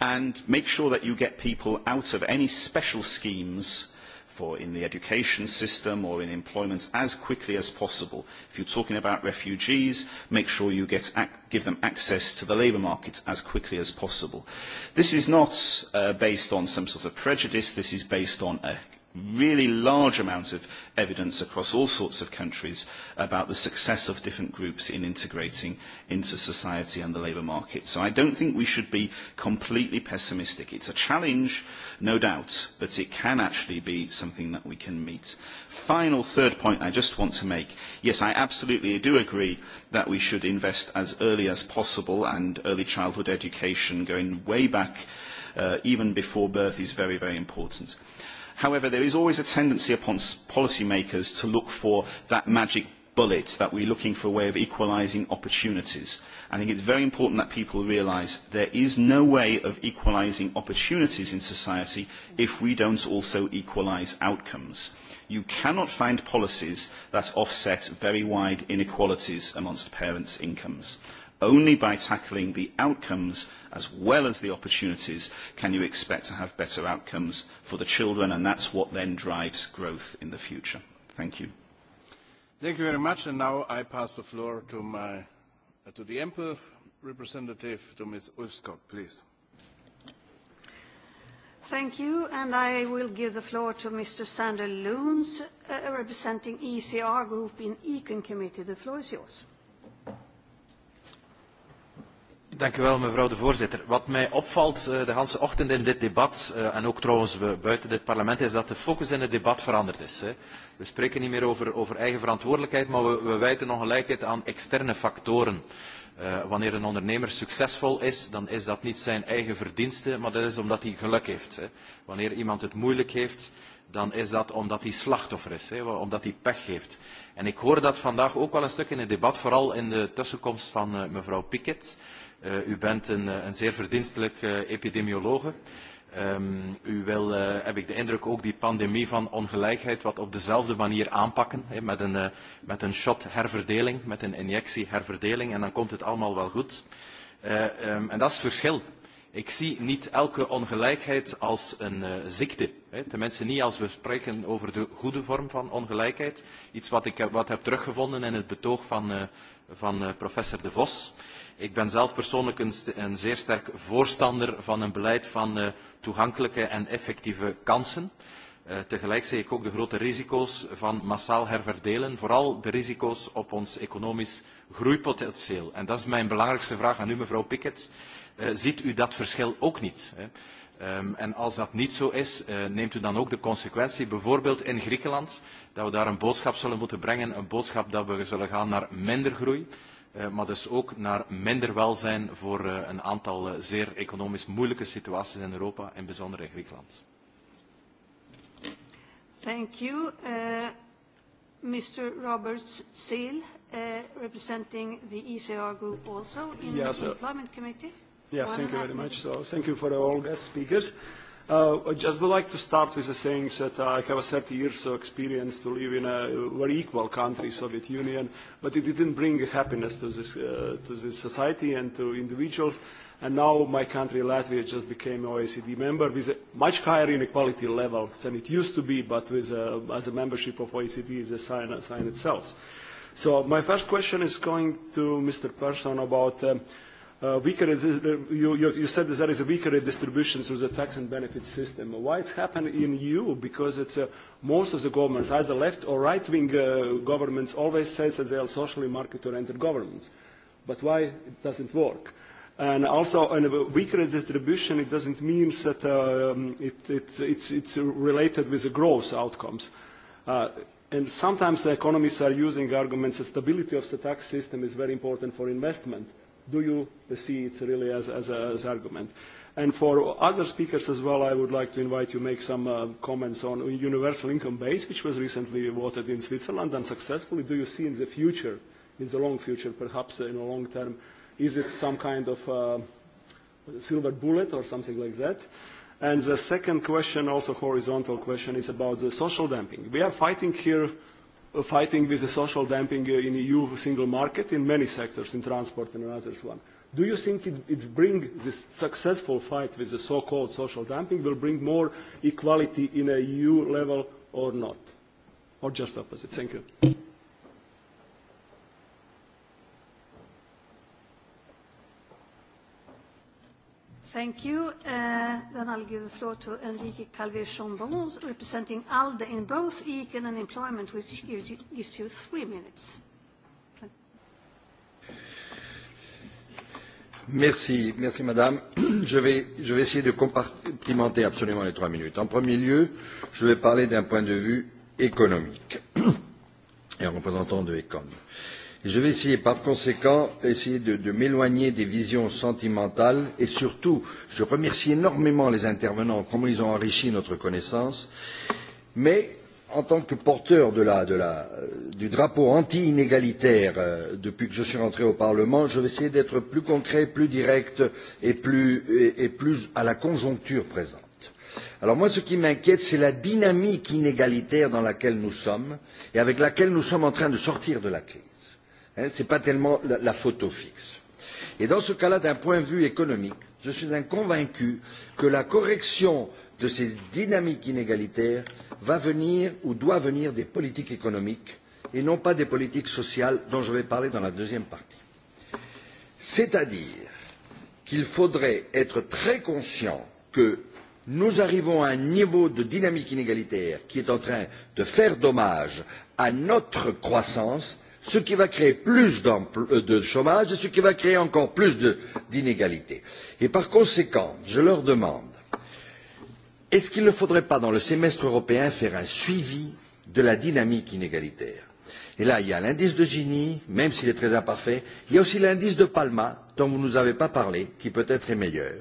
and make sure that you get people out of any special schemes for in the education system or in employment as quickly as possible. If you're talking about refugees, make sure you get give them access to the labour market as quickly as possible. This is not uh, based on some sort of prejudice, this is based on a really large amounts of evidence across all sorts of countries about the success of different groups in integrating into society and the labour market. So I don't think we should be completely pessimistic. It's a challenge, no doubt, but it can actually be something that we can meet. Final third point I just want to make. Yes, I absolutely do agree that we should invest as early as possible and early childhood education going way back uh, even before birth is very, very important. However, there is always a tendency upon policymakers to look for that magic bullet, that we're looking for a way of equalising opportunities. I think it's very important that people realise there is no way of equalising opportunities in society if we don't also equalise outcomes. You cannot find policies that offset very wide inequalities amongst parents' incomes. Only by tackling the outcomes as well as the opportunities can you expect to have better outcomes for the children, and that's what then drives growth in the future. Thank you. Thank you very much, and now I pass the floor to, my, uh, to the EMPL representative, to Ms. Ulfskog, please. Thank you, and I will give the floor to Mr. Sander Loons, uh, representing ECR Group in Econ Committee. The floor is yours. Dank u wel, mevrouw de voorzitter. Wat mij opvalt eh, de hele ochtend in dit debat, eh, en ook trouwens buiten dit parlement, is dat de focus in het debat veranderd is. We spreken niet meer over, over eigen verantwoordelijkheid, maar we, we wijten ongelijkheid aan externe factoren. Uh, wanneer een ondernemer succesvol is, dan is dat niet zijn eigen verdienste, maar dat is omdat hij geluk heeft. Hè. Wanneer iemand het moeilijk heeft, dan is dat omdat hij slachtoffer is, hè, omdat hij pech heeft. En ik hoor dat vandaag ook wel een stuk in het debat, vooral in de tussenkomst van uh, mevrouw Pickett. Uh, u bent een, eh, een zeer verdienstelijk uh, epidemiologe. Um, u wil, uh, heb ik de indruk, ook die pandemie van ongelijkheid wat op dezelfde manier aanpakken, he, met, een, uh, met een shot herverdeling, met een injectie herverdeling, en dan komt het allemaal wel goed. Uh, um, en dat is het verschil. Ik zie niet elke ongelijkheid als een uh, ziekte. He. Tenminste niet als we spreken over de goede vorm van ongelijkheid. Iets wat ik heb, wat heb teruggevonden in het betoog van, uh, van uh, professor De Vos. Uh, Ik ben zelf persoonlijk een, een zeer sterk voorstander van een beleid van uh, toegankelijke en effectieve kansen. Uh, tegelijk zie ik ook de grote risico's van massaal herverdelen, vooral de risico's op ons economisch groeipotentieel. En dat is mijn belangrijkste vraag aan u, mevrouw Pickett. Uh, ziet u dat verschil ook niet? Hè? Um, en als dat niet zo is, uh, neemt u dan ook de consequentie, bijvoorbeeld in Griekenland, dat we daar een boodschap zullen moeten brengen, een boodschap dat we zullen gaan naar minder groei, Eh, maar dus ook naar minder welzijn voor eh, een aantal eh, zeer economisch moeilijke situaties in Europa, en bijzonder in Griekenland. Thank you. Uh, Mr. Robert Seal, uh, representing the ECR group also in yes, the Employment Committee. Yes, One thank you very minutes. much. So thank you for all guest speakers. Uh, I'd just like to start with the saying that uh, I have a 30 years of experience to live in a very equal country, Soviet Union, but it didn't bring happiness to this, uh, to this society and to individuals. And now my country, Latvia, just became an OECD member with a much higher inequality level than it used to be, but with a, as a membership of OECD is a sign, a sign itself. So my first question is going to Mr. Persson about um, uh, uh, weaker, uh, you, you, you said that there is a weaker distribution through the tax and benefit system. Why it's happened in EU? Because it's uh, most of the governments, either left or right-wing uh, governments, always says that they are socially market-oriented governments. But why it doesn't work? And also, in a uh, weaker distribution, it doesn't mean that um, it, it, it's, it's related with the growth outcomes. Uh, and sometimes the economists are using arguments that stability of the tax system is very important for investment do you see it really as, as an as argument? And for other speakers as well, I would like to invite you to make some uh, comments on universal income base, which was recently voted in Switzerland and successfully. Do you see in the future, in the long future, perhaps uh, in the long term, is it some kind of uh, silver bullet or something like that? And the second question, also horizontal question, is about the social dumping. We are fighting here Uh, fighting with the social dumping uh, in the EU single market in many sectors, in transport and others one. Do you think it, it bring this successful fight with the so-called social dumping will bring more equality in a EU level or not? Or just opposite? Thank you. Thank you. Uh, then I'll give the floor to Enrique Calvé-Chambon, representing ALDE in both Econ and Employment, which gives you three minutes. Merci, merci madame. Je vais, je vais essayer de compartimenter absolument les trois minutes. En premier lieu, je vais parler d'un point de vue économique et en représentant de Econ. Je vais essayer par conséquent essayer de, de m'éloigner des visions sentimentales et surtout je remercie énormément les intervenants comment ils ont enrichi notre connaissance mais en tant que porteur de la, de la, du drapeau anti-inégalitaire euh, depuis que je suis rentré au Parlement, je vais essayer d'être plus concret, plus direct et plus, et, et plus à la conjoncture présente. Alors moi, ce qui m'inquiète, c'est la dynamique inégalitaire dans laquelle nous sommes et avec laquelle nous sommes en train de sortir de la crise. Ce n'est pas tellement la, la photo fixe. Et dans ce cas-là, d'un point de vue économique, je suis un convaincu que la correction de ces dynamiques inégalitaires va venir ou doit venir des politiques économiques et non pas des politiques sociales dont je vais parler dans la deuxième partie. C'est-à-dire qu'il faudrait être très conscient que nous arrivons à un niveau de dynamique inégalitaire qui est en train de faire dommage à notre croissance ce qui va créer plus euh, de chômage et ce qui va créer encore plus d'inégalités. Et par conséquent, je leur demande, est-ce qu'il ne faudrait pas dans le semestre européen faire un suivi de la dynamique inégalitaire Et là, il y a l'indice de Gini, même s'il est très imparfait, il y a aussi l'indice de Palma, dont vous ne nous avez pas parlé, qui peut-être est meilleur.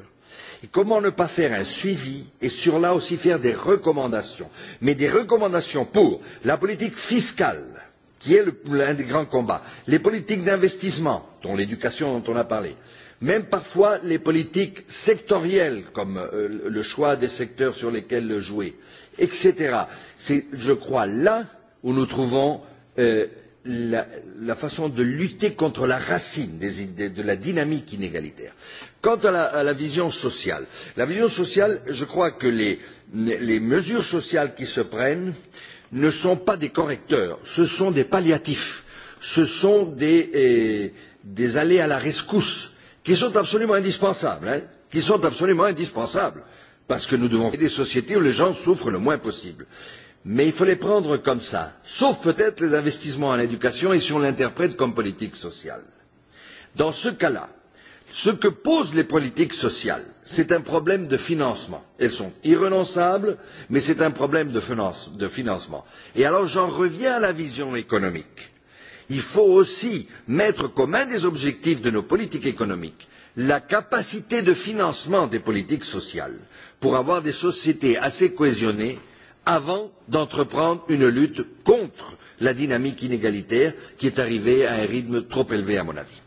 Et comment ne pas faire un suivi et sur là aussi faire des recommandations, mais des recommandations pour la politique fiscale, qui est l'un des grands combats. Les politiques d'investissement, dont l'éducation dont on a parlé, même parfois les politiques sectorielles, comme euh, le choix des secteurs sur lesquels jouer, etc. C'est, je crois, là où nous trouvons euh, la, la façon de lutter contre la racine des de la dynamique inégalitaire. Quant à la, à la vision sociale, la vision sociale, je crois que les, les mesures sociales qui se prennent ne sont pas des correcteurs, ce sont des palliatifs, ce sont des, eh, des allées à la rescousse, qui sont absolument indispensables, hein, qui sont absolument indispensables, parce que nous devons créer des sociétés où les gens souffrent le moins possible. Mais il faut les prendre comme ça, sauf peut-être les investissements en éducation et si on l'interprète comme politique sociale. Dans ce cas-là, Ce que posent les politiques sociales, c'est un problème de financement. Elles sont irrenonçables, mais c'est un problème de, finance, de financement. Et alors j'en reviens à la vision économique. Il faut aussi mettre comme un des objectifs de nos politiques économiques la capacité de financement des politiques sociales pour avoir des sociétés assez cohésionnées avant d'entreprendre une lutte contre la dynamique inégalitaire qui est arrivée à un rythme trop élevé à mon avis.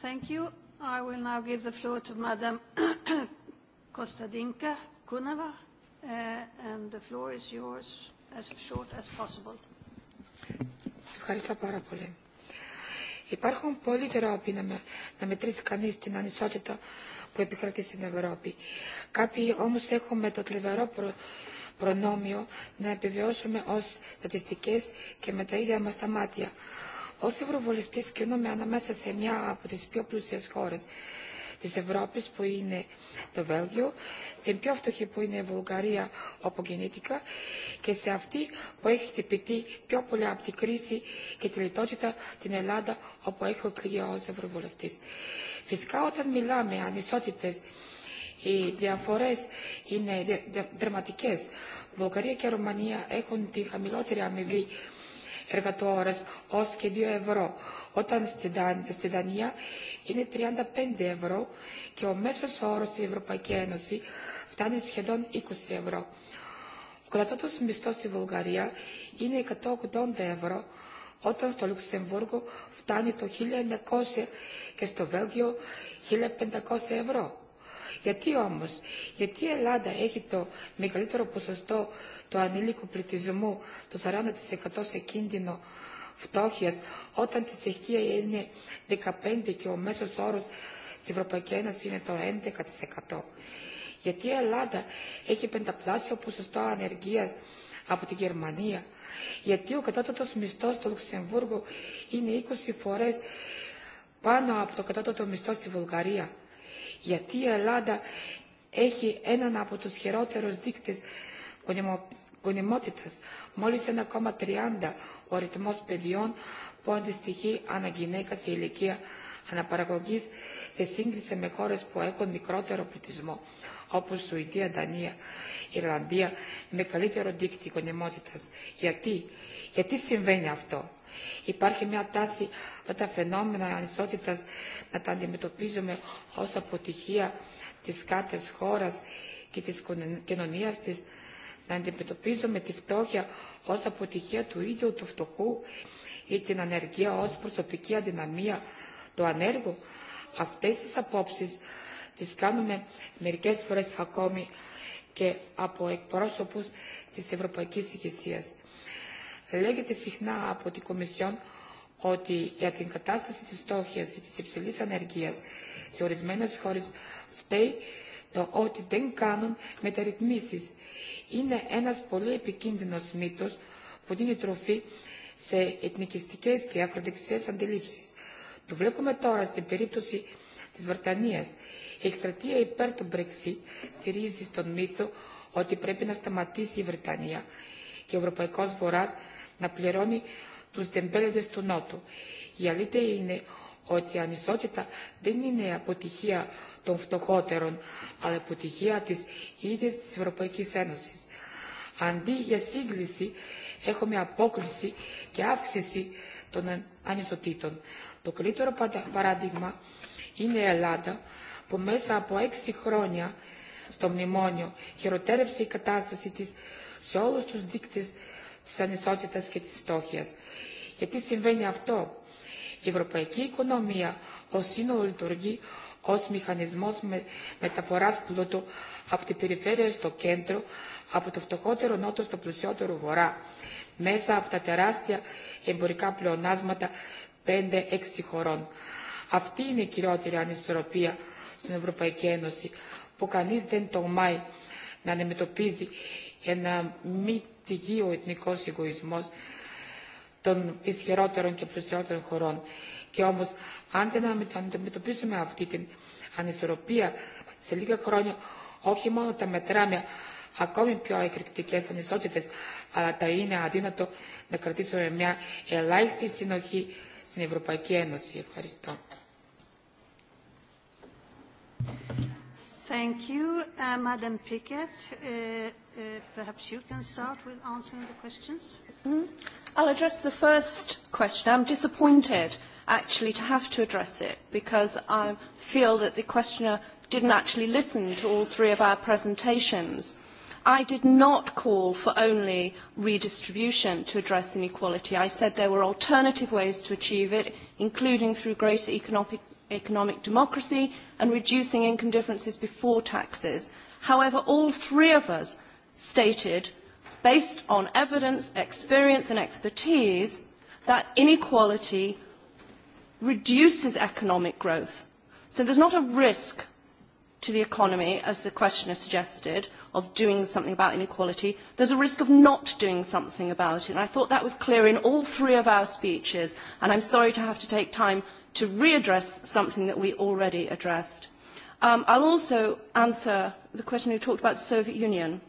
Thank you. I will now give the floor to Madam Kostadinka Kunava, uh, and the floor is yours as short as possible. Ευχαριστώ πάρα πολύ. Υπάρχουν πολλοί τρόποι να, με, να μετρήσει κανείς την ανισότητα που επικρατεί στην Ευρώπη. Κάποιοι όμως έχουμε το θλιβερό προ, προνόμιο να επιβιώσουμε ως στατιστικές και με τα ίδια μας τα μάτια Όσοι ευρωβουλευτή κινούμε ανάμεσα σε μια από τι πιο πλούσιε χώρε τη Ευρώπη που είναι το Βέλγιο, στην πιο φτωχή που είναι η Βουλγαρία όπου γεννήθηκα και σε αυτή που έχει χτυπηθεί πιο πολύ από την κρίση και τη λιτότητα την Ελλάδα όπου έχω εκλεγεί ω ευρωβουλευτή. Φυσικά όταν μιλάμε ανισότητε οι διαφορές είναι δραματικές. Βουλγαρία και Ρουμανία έχουν τη χαμηλότερη αμοιβή Regatores os e che 2 evro o tan stidania είναι 35 ευρώ και ο μέσος όρος στην Ευρωπαϊκή Ένωση φτάνει σχεδόν 20 ευρώ. Ο κατατάτος μισθός στη Βουλγαρία είναι 180 ευρώ, όταν στο Λουξεμβούργο φτάνει το 1900 και στο Βέλγιο 1500 ευρώ. Γιατί όμως, γιατί η Ελλάδα έχει το μεγαλύτερο ποσοστό του ανήλικου πληθυσμού, το 40% σε κίνδυνο φτώχειας, όταν η Τσεχία είναι 15% και ο μέσος όρος στην Ευρωπαϊκή Ένωση είναι το 11%. Γιατί η Ελλάδα έχει πενταπλάσιο ποσοστό ανεργίας από τη Γερμανία, γιατί ο κατώτατος μισθός στο Λουξεμβούργο είναι 20 apu πάνω από το κατώτατο μισθό στη Βουλγαρία, γιατί η Ελλάδα έχει έναν από τους χειρότερους kodimo γονιμότητας μόλις τριάντα ο αριθμός παιδιών που αντιστοιχεί ανά γυναίκα σε ηλικία αναπαραγωγής σε σύγκριση με χώρες που έχουν μικρότερο πληθυσμό όπως Σουηδία, Δανία, Ιρλανδία με καλύτερο δίκτυο γονιμότητας. Γιατί, γιατί συμβαίνει αυτό. Υπάρχει μια τάση από τα φαινόμενα ανισότητας να τα αντιμετωπίζουμε ως αποτυχία της κάθε χώρας και της κοινωνίας της να αντιμετωπίζουμε τη φτώχεια ως αποτυχία του ίδιου του φτωχού ή την ανεργία ως προσωπική αδυναμία του ανέργου, αυτές τις απόψεις τις κάνουμε μερικές φορές ακόμη και από εκπρόσωπους της Ευρωπαϊκής Ηγεσίας. Λέγεται συχνά από την Κομισιόν ότι για την κατάσταση της φτώχειας ή της υψηλής ανεργίας σε ορισμένες χώρες φταίει Το ότι δεν κάνουν μεταρρυθμίσεις. Είναι ένας πολύ επικίνδυνος μύθος που δίνει τροφή σε εθνικιστικές και ακροδεξιές αντιλήψεις. Το βλέπουμε τώρα στην περίπτωση της Βρετανίας. Η εκστρατεία υπέρ του Brexit στηρίζει στον μύθο ότι πρέπει να σταματήσει η Βρετανία και ο Ευρωπαϊκός Βορράς να πληρώνει τους τεμπέλεδες του Νότου. Η αλήθεια είναι ότι η ανισότητα δεν είναι αποτυχία των φτωχότερων αλλά αποτυχία τη ίδιας τη Ευρωπαϊκή Ένωση. Αντί για σύγκληση έχουμε απόκληση και αύξηση των ανισοτήτων. Το καλύτερο παράδειγμα είναι η Ελλάδα που μέσα από έξι χρόνια στο μνημόνιο χειροτέρεψε η κατάσταση της σε όλους τους δείκτες της ανισότητας και της στόχιας. Γιατί συμβαίνει αυτό. Η ευρωπαϊκή οικονομία ως σύνολο λειτουργεί ως μηχανισμός με, μεταφοράς πλούτου από την περιφέρεια στο κέντρο, από το φτωχότερο νότο στο πλουσιότερο βορρά, μέσα από τα τεράστια εμπορικά πλεονάσματα 5-6 χωρών. Αυτή είναι η κυριότερη ανισορροπία στην Ευρωπαϊκή Ένωση, που κανείς δεν τολμάει να αντιμετωπίζει ένα μη τυγείο εθνικός εγωισμός των ισχυρότερων και πλουσιότερων χωρών. Και όμως αν δεν αντιμετωπίσουμε αυτή την ανισορροπία σε λίγα χρόνια όχι μόνο τα μετράμε ακόμη πιο εκρηκτικές ανισότητες αλλά τα είναι αδύνατο να κρατήσουμε μια ελάχιστη συνοχή στην Ευρωπαϊκή Ένωση. Ευχαριστώ. Thank you. Uh, Madam Pickett, uh, uh, perhaps you can start with answering the questions. Mm -hmm. I'll address the first question. I'm disappointed actually to have to address it because I feel that the questioner didn't actually listen to all three of our presentations. I did not call for only redistribution to address inequality. I said there were alternative ways to achieve it, including through greater economic, economic democracy and reducing income differences before taxes. However, all three of us stated, based on evidence, experience and expertise, that inequality reduces economic growth. So there's not a risk to the economy, as the questioner suggested, of doing something about inequality. There's a risk of not doing something about it. And I thought that was clear in all three of our speeches. And I'm sorry to have to take time to readdress something that we already addressed. Um, I'll also answer the question who talked about the Soviet Union.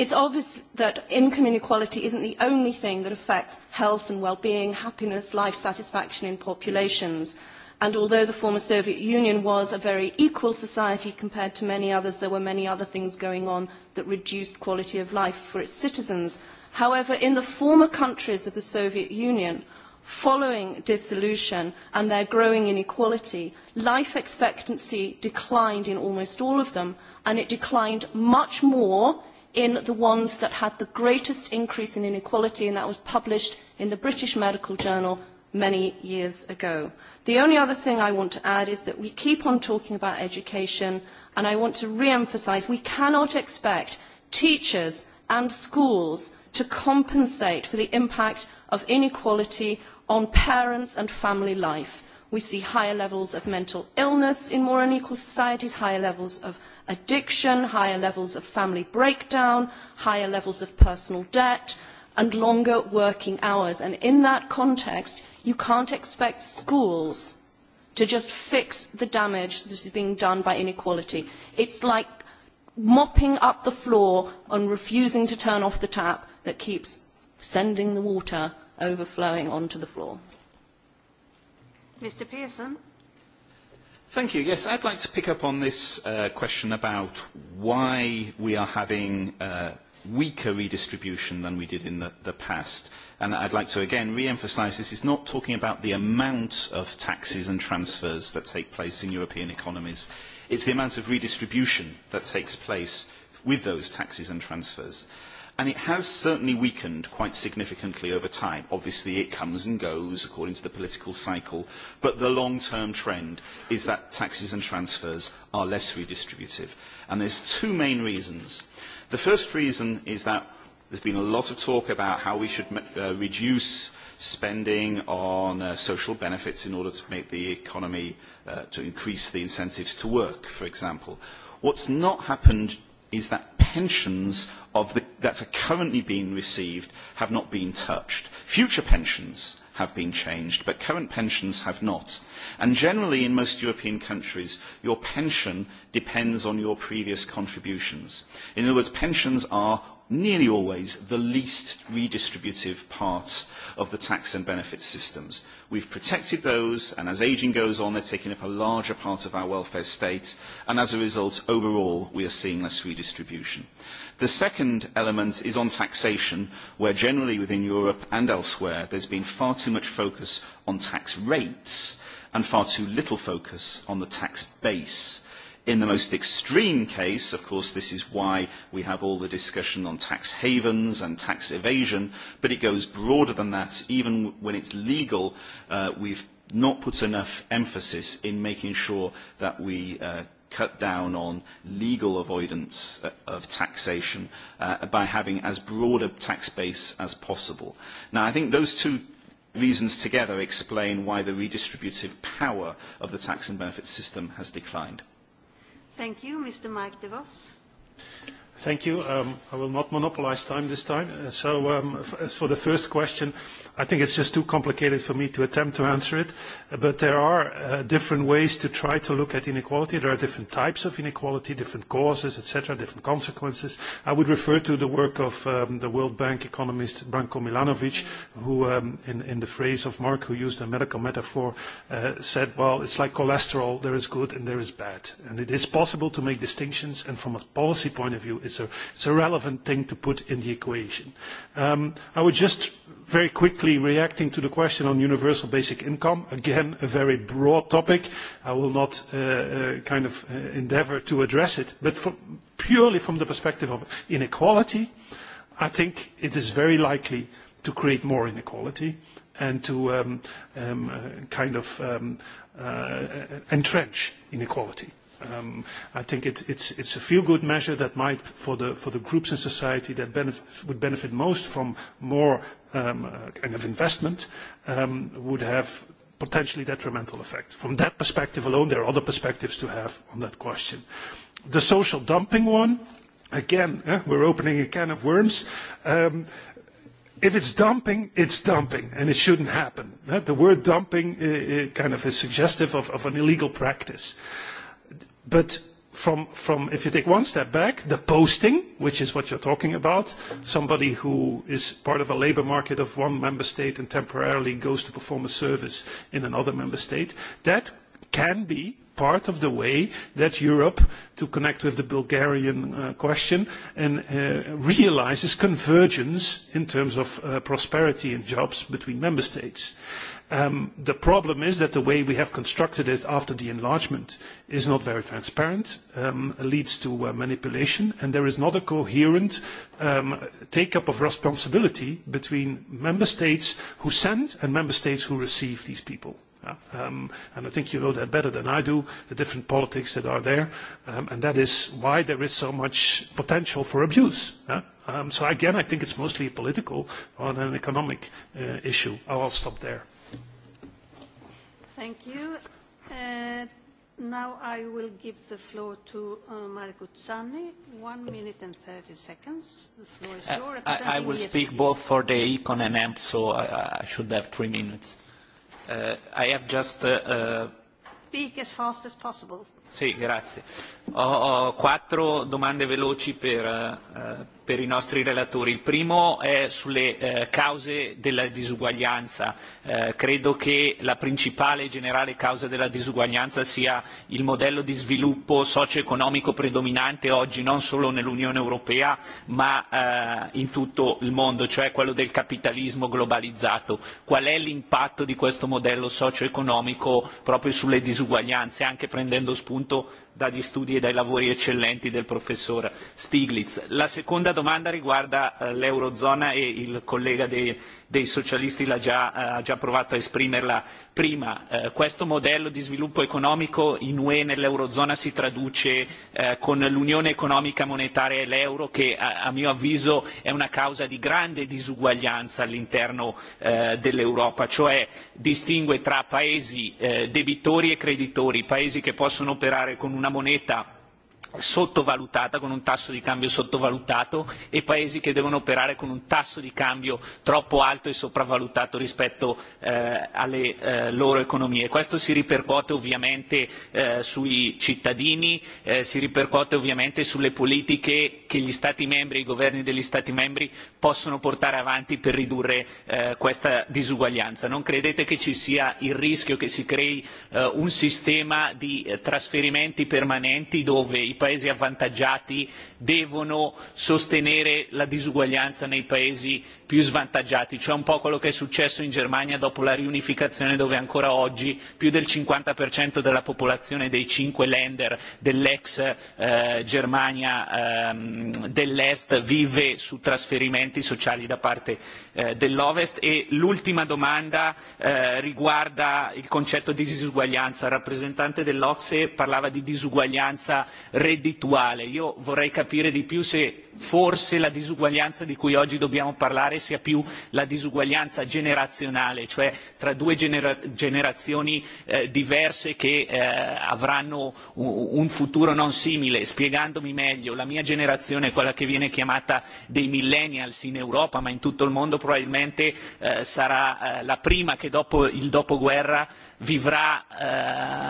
It's obvious that income inequality isn't the only thing that affects health and well-being, happiness, life satisfaction in populations. And although the former Soviet Union was a very equal society compared to many others, there were many other things going on that reduced quality of life for its citizens. However, in the former countries of the Soviet Union, following dissolution and their growing inequality, life expectancy declined in almost all of them, and it declined much more in the ones that had the greatest increase in inequality, and that was published in the British Medical Journal many years ago. The only other thing I want to add is that we keep on talking about education, and I want to re-emphasize we cannot expect teachers and schools to compensate for the impact of inequality on parents and family life. We see higher levels of mental illness in more unequal societies, higher levels of addiction, higher levels of family breakdown, higher levels of personal debt, and longer working hours. And in that context, you can't expect schools to just fix the damage that is being done by inequality. It's like mopping up the floor and refusing to turn off the tap that keeps sending the water overflowing onto the floor. Mr. Pearson? Thank you. Yes, I'd like to pick up on this uh, question about why we are having uh, weaker redistribution than we did in the, the past. And I'd like to again re-emphasize this is not talking about the amount of taxes and transfers that take place in European economies. It's the amount of redistribution that takes place with those taxes and transfers and it has certainly weakened quite significantly over time. Obviously, it comes and goes according to the political cycle, but the long-term trend is that taxes and transfers are less redistributive. And there's two main reasons. The first reason is that there's been a lot of talk about how we should uh, reduce spending on uh, social benefits in order to make the economy, uh, to increase the incentives to work, for example. What's not happened is that pensions of the that are currently being received have not been touched. Future pensions have been changed, but current pensions have not. And generally, in most European countries, your pension depends on your previous contributions. In other words, pensions are nearly always the least redistributive parts of the tax and benefit systems. We've protected those, and as ageing goes on, they're taking up a larger part of our welfare state, and as a result, overall, we are seeing less redistribution. The second element is on taxation, where generally within Europe and elsewhere, there's been far too much focus on tax rates and far too little focus on the tax base In the most extreme case, of course, this is why we have all the discussion on tax havens and tax evasion, but it goes broader than that. Even when it's legal, uh, we've not put enough emphasis in making sure that we uh, cut down on legal avoidance uh, of taxation uh, by having as broad a tax base as possible. Now, I think those two reasons together explain why the redistributive power of the tax and benefit system has declined. Thank you, Mr. Mike DeVos. Thank you. Um, I will not monopolize time this time. Uh, so um, f uh, for the first question, I think it's just too complicated for me to attempt to answer it, but there are uh, different ways to try to look at inequality. There are different types of inequality, different causes, etc., different consequences. I would refer to the work of um, the World Bank economist Branko Milanovic, who, um, in, in the phrase of Mark, who used a medical metaphor, uh, said, well, it's like cholesterol, there is good and there is bad. And it is possible to make distinctions, and from a policy point of view, it's a, it's a relevant thing to put in the equation. Um, I would just Very quickly reacting to the question on universal basic income, again, a very broad topic. I will not uh, uh, kind of uh, endeavor to address it, but from, purely from the perspective of inequality, I think it is very likely to create more inequality and to um, um, uh, kind of um, uh, uh entrench inequality. Um, I think it, it's, it's a feel-good measure that might, for the, for the groups in society that benef would benefit most from more um, uh, kind of investment, um, would have potentially detrimental effect. From that perspective alone, there are other perspectives to have on that question. The social dumping one, again, eh, we're opening a can of worms. Um, if it's dumping, it's dumping, and it shouldn't happen. Eh? The word dumping uh, kind of is suggestive of, of an illegal practice. Uh, But from, from, if you take one step back, the posting, which is what you're talking about, somebody who is part of a labor market of one member state and temporarily goes to perform a service in another member state, that can be part of the way that Europe, to connect with the Bulgarian uh, question, and uh, realizes convergence in terms of uh, prosperity and jobs between member states. Uh, Um, the problem is that the way we have constructed it after the enlargement is not very transparent, um, leads to uh, manipulation, and there is not a coherent um, take-up of responsibility between member states who send and member states who receive these people. Um, and I think you know that better than I do, the different politics that are there, um, and that is why there is so much potential for abuse. Um, so again, I think it's mostly a political rather than an economic uh, issue. I'll stop there. Thank you. Uh, now I will give the floor to uh, Marco Zanni. One minute and 30 seconds. The floor is uh, yours. I, I will speak both for the Econ and AMP, so I, I should have three minutes. Uh, I have just... Uh, uh, Speak as fast as possible. Sì, grazie. Ho, ho quattro domande veloci per... Uh, uh per i nostri relatori. Il primo è sulle eh, cause della disuguaglianza. Eh, credo che la principale e generale causa della disuguaglianza sia il modello di sviluppo socio-economico predominante oggi non solo nell'Unione Europea ma eh, in tutto il mondo, cioè quello del capitalismo globalizzato. Qual è l'impatto di questo modello socio-economico proprio sulle disuguaglianze, anche prendendo spunto dagli studi e dai lavori eccellenti del professor Stiglitz. La seconda domanda riguarda eh, l'Eurozona e il collega De dei socialisti l'ha già, eh, ha già provato a esprimerla prima. Eh, questo modello di sviluppo economico in UE nell'Eurozona si traduce eh, con l'unione economica monetaria e l'euro che a, a mio avviso è una causa di grande disuguaglianza all'interno eh, dell'Europa, cioè distingue tra paesi eh, debitori e creditori, paesi che possono operare con una moneta sottovalutata, con un tasso di cambio sottovalutato e paesi che devono operare con un tasso di cambio troppo alto e sopravvalutato rispetto eh, alle eh, loro economie. Questo si ripercuote ovviamente eh, sui cittadini, eh, si ripercuote ovviamente sulle politiche che gli Stati membri, e i governi degli Stati membri possono portare avanti per ridurre eh, questa disuguaglianza. Non credete che ci sia il rischio che si crei eh, un sistema di eh, trasferimenti permanenti dove i paesi avvantaggiati devono sostenere la disuguaglianza nei paesi più svantaggiati, cioè un po' quello che è successo in Germania dopo la riunificazione dove ancora oggi più del 50% della popolazione dei cinque lender dell'ex eh, Germania ehm, dell'Est vive su trasferimenti sociali da parte eh, dell'Ovest e l'ultima domanda eh, riguarda il concetto di disuguaglianza. Il rappresentante dell'Ocse parlava di disuguaglianza reddituale. Io vorrei capire di più se forse la disuguaglianza di cui oggi dobbiamo parlare sia più la disuguaglianza generazionale, cioè tra due genera generazioni eh, diverse che eh, avranno un futuro non simile. Spiegandomi meglio, la mia generazione, quella che viene chiamata dei millennials in Europa, ma in tutto il mondo probabilmente eh, sarà eh, la prima che dopo il dopoguerra vivrà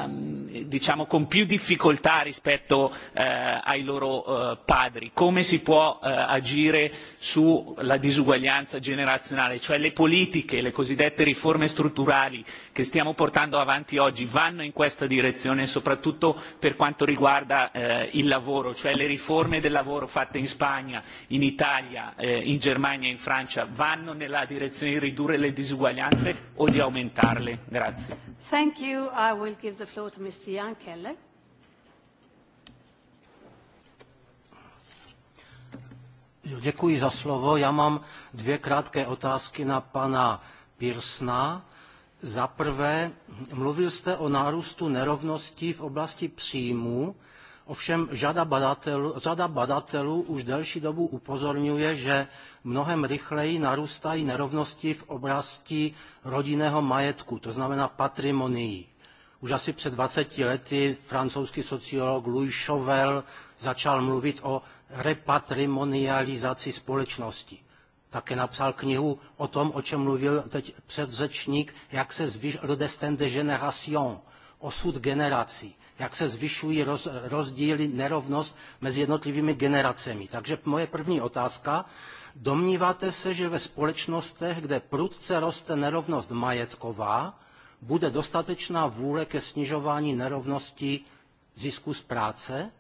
ehm, diciamo, con più difficoltà rispetto eh, ai loro eh, padri. Come si può può eh, agire sulla disuguaglianza generazionale, cioè le politiche, le cosiddette riforme strutturali che stiamo portando avanti oggi vanno in questa direzione soprattutto per quanto riguarda eh, il lavoro, cioè le riforme del lavoro fatte in Spagna, in Italia, eh, in Germania e in Francia vanno nella direzione di ridurre le disuguaglianze o di aumentarle. Grazie. Thank you. I will give the floor to Mr. Jan Děkuji za slovo. Já mám dvě krátké otázky na pana Pirsna. Za prvé, mluvil jste o nárůstu nerovností v oblasti příjmů, ovšem řada badatelů, řada badatelů už delší dobu upozorňuje, že mnohem rychleji narůstají nerovnosti v oblasti rodinného majetku, to znamená patrimonií. Už asi před 20 lety francouzský sociolog Louis Chauvel začal mluvit o repatrimonializaci společnosti. Také napsal knihu o tom, o čem mluvil teď předřečník, jak se zvyš le de generation, osud generací, jak se zvyšují roz, rozdíly, nerovnost mezi jednotlivými generacemi. Takže moje první otázka, domníváte se, že ve společnostech, kde prudce roste nerovnost majetková, bude dostatečná vůle ke snižování nerovnosti zisku z práce?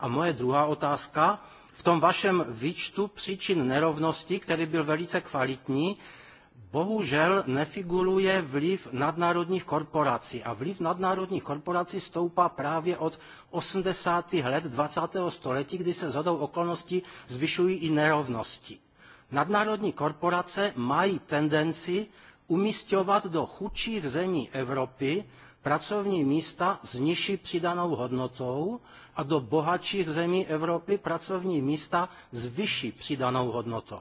A moje druhá otázka, v tom vašem výčtu příčin nerovnosti, který byl velice kvalitní, bohužel nefiguruje vliv nadnárodních korporací. A vliv nadnárodních korporací stoupá právě od 80. let 20. století, kdy se zhodou okolností zvyšují i nerovnosti. Nadnárodní korporace mají tendenci umístěvat do chudších zemí Evropy pracovní místa s nižší přidanou hodnotou a do bohatších zemí Evropy pracovní místa s vyšší přidanou hodnotou.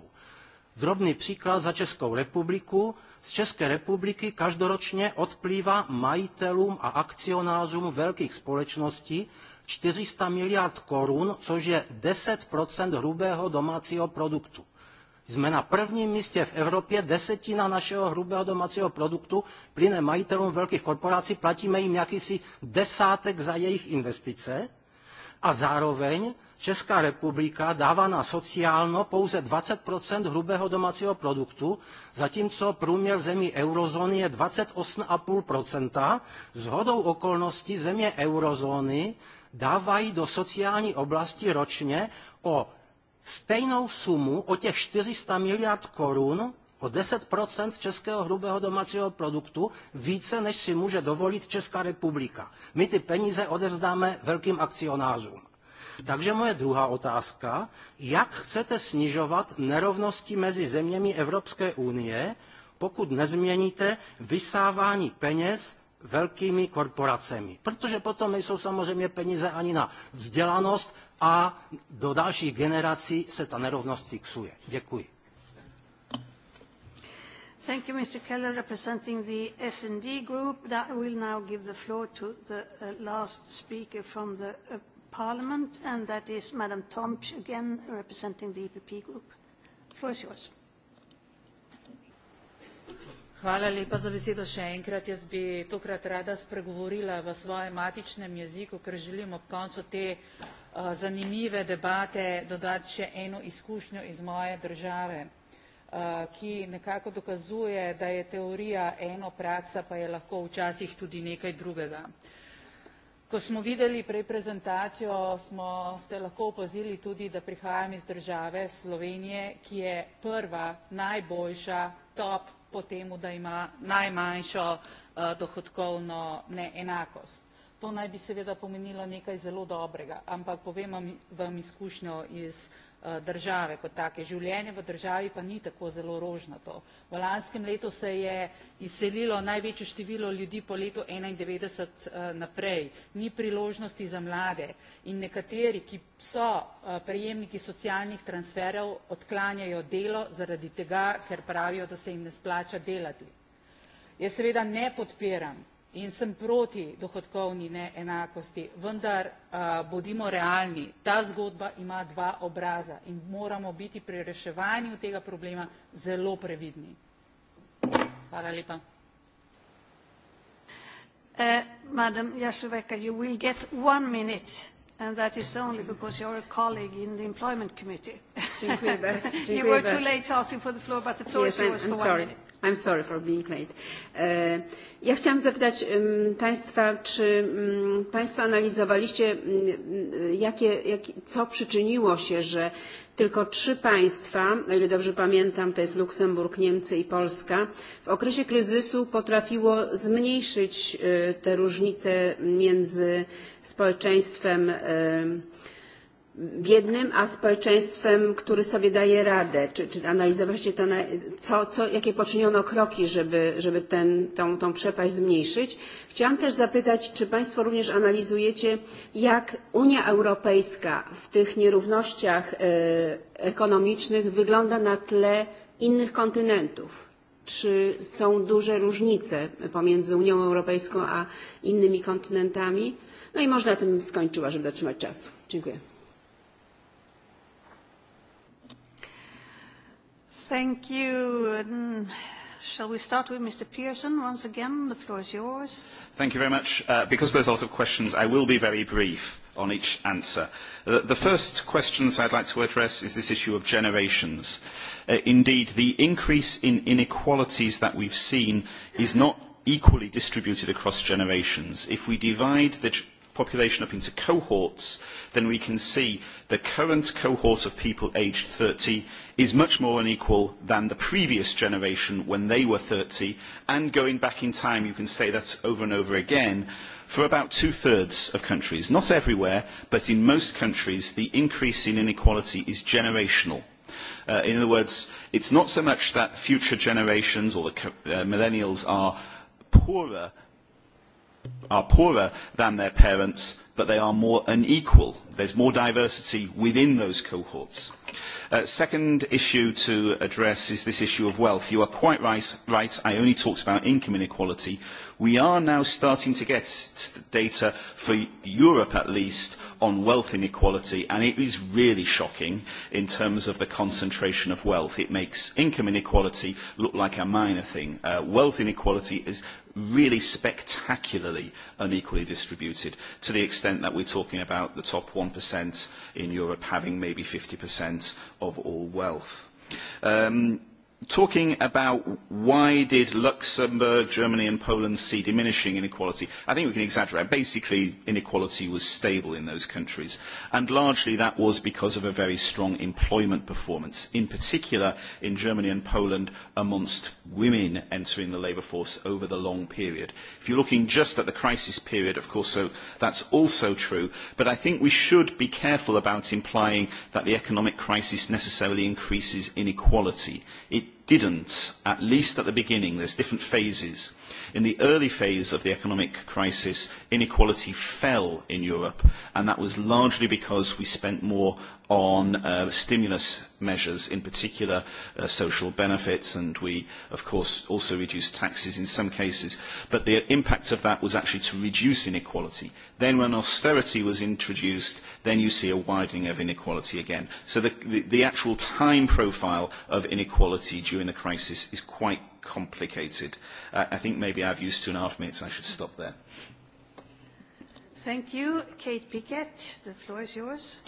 Drobný příklad za Českou republiku. Z České republiky každoročně odplývá majitelům a akcionářům velkých společností 400 miliard korun, což je 10 hrubého domácího produktu. Jsme na prvním místě v Evropě, desetina našeho hrubého domácího produktu plyne majitelům velkých korporací, platíme jim jakýsi desátek za jejich investice a zároveň Česká republika dává na sociálno pouze 20 hrubého domácího produktu, zatímco průměr zemí eurozóny je 28,5 Zhodou okolností země eurozóny dávají do sociální oblasti ročně o Stejnou sumu o těch 400 miliard korun, o 10% českého hrubého domácího produktu, více než si může dovolit Česká republika. My ty peníze odevzdáme velkým akcionářům. Takže moje druhá otázka, jak chcete snižovat nerovnosti mezi zeměmi Evropské unie, pokud nezměníte vysávání peněz velkými korporacemi, protože potom nejsou samozřejmě peníze ani na vzdělanost a do dalších generací se ta nerovnost fixuje. Děkuji. Thank you, Mr. Keller, representing the S&D group. That will now give the floor to the uh, last speaker from the uh, Parliament, and that is Madam Tomsch, again representing the EPP group. The floor is yours. Hvala lepa za besedo še enkrat. Jaz bi tokrat rada spregovorila v svojem matičnem jeziku, ker želim ob koncu te eh, zanimive debate dodati še eno izkušnjo iz moje države, eh, ki nekako dokazuje, da je teorija eno, praksa pa je lahko včasih tudi nekaj drugega. Ko smo videli prej prezentacijo, smo, ste lahko opazili tudi, da prihajam iz države Slovenije, ki je prva, najboljša, top po temu da ima najmanjšo eh, dohodkovno neenakost. To naj bi seveda pomenilo nekaj zelo dobrega, ampak povem vam izkušnjo iz države kot take. Življenje v državi pa ni tako zelo rožnato. V lanskem letu se je izselilo največje število ljudi po letu 1991 naprej. Ni priložnosti za mlade in nekateri, ki so prejemniki socialnih transferov, odklanjajo delo zaradi tega, ker pravijo, da se jim ne splača delati. Jaz seveda ne podpiram in sem proti dohodkovni neenakosti, vendar a, bodimo realni, ta zgodba ima dva obraza in moramo biti pri reševanju tega problema zelo previdni. Hvala lepa. Uh, Madam Jastrzewska, you will get one minute, and that is only because you're a colleague in the Employment Committee. you were too late asking for the floor, but the floor yes, is yours I'm, I'm for sorry. one minute. I'm sorry for being late. E, ja chciałam zapytać Państwa, czy Państwo analizowaliście, jakie, jak, co przyczyniło się, że tylko trzy państwa, o ile dobrze pamiętam, to jest Luksemburg, Niemcy i Polska, w okresie kryzysu potrafiło zmniejszyć e, te różnice między społeczeństwem e, biednym, a społeczeństwem, który sobie daje radę? Czy, czy się to, na, co, co, jakie poczyniono kroki, żeby, żeby ten, tą, tą przepaść zmniejszyć? Chciałam też zapytać, czy Państwo również analizujecie, jak Unia Europejska w tych nierównościach y, e, ekonomicznych wygląda na tle innych kontynentów? Czy są duże różnice pomiędzy Unią Europejską a innymi kontynentami? No i można tym skończyła, żeby dotrzymać czasu. Dziękuję. Thank you. And um, shall we start with Mr. Pearson once again? The floor is yours. Thank you very much. Uh, because there's a lot of questions, I will be very brief on each answer. The, uh, the first question that I'd like to address is this issue of generations. Uh, indeed, the increase in inequalities that we've seen is not equally distributed across generations. If we divide the population up into cohorts, then we can see the current cohort of people aged 30 is much more unequal than the previous generation when they were 30. And going back in time, you can say that over and over again, for about two-thirds of countries. Not everywhere, but in most countries, the increase in inequality is generational. Uh, in other words, it is not so much that future generations or the uh, millennials are poorer are poorer than their parents, but they are more unequal. There is more diversity within those cohorts. Uh, second issue to address is this issue of wealth. You are quite right, right, I only talked about income inequality. We are now starting to get data for Europe at least on wealth inequality and it is really shocking in terms of the concentration of wealth. It makes income inequality look like a minor thing. Uh, wealth inequality is really spectacularly unequally distributed to the extent that we're talking about the top 1% in Europe having maybe 50% of all wealth. Um, talking about why did Luxembourg, Germany and Poland see diminishing inequality, I think we can exaggerate. Basically, inequality was stable in those countries, and largely that was because of a very strong employment performance, in particular in Germany and Poland amongst women entering the labour force over the long period. If you're looking just at the crisis period, of course, so that's also true, but I think we should be careful about implying that the economic crisis necessarily increases inequality. It didn't, at least at the beginning, there's different phases. In the early phase of the economic crisis, inequality fell in Europe, and that was largely because we spent more on uh, stimulus measures, in particular uh, social benefits, and we, of course, also reduced taxes in some cases. But the impact of that was actually to reduce inequality. Then when austerity was introduced, then you see a widening of inequality again. So the, the, the actual time profile of inequality during the crisis is quite complicated. Uh, I think maybe I've used two and a half minutes. I should stop there. Thank you. Kate Pickett, the floor is yours.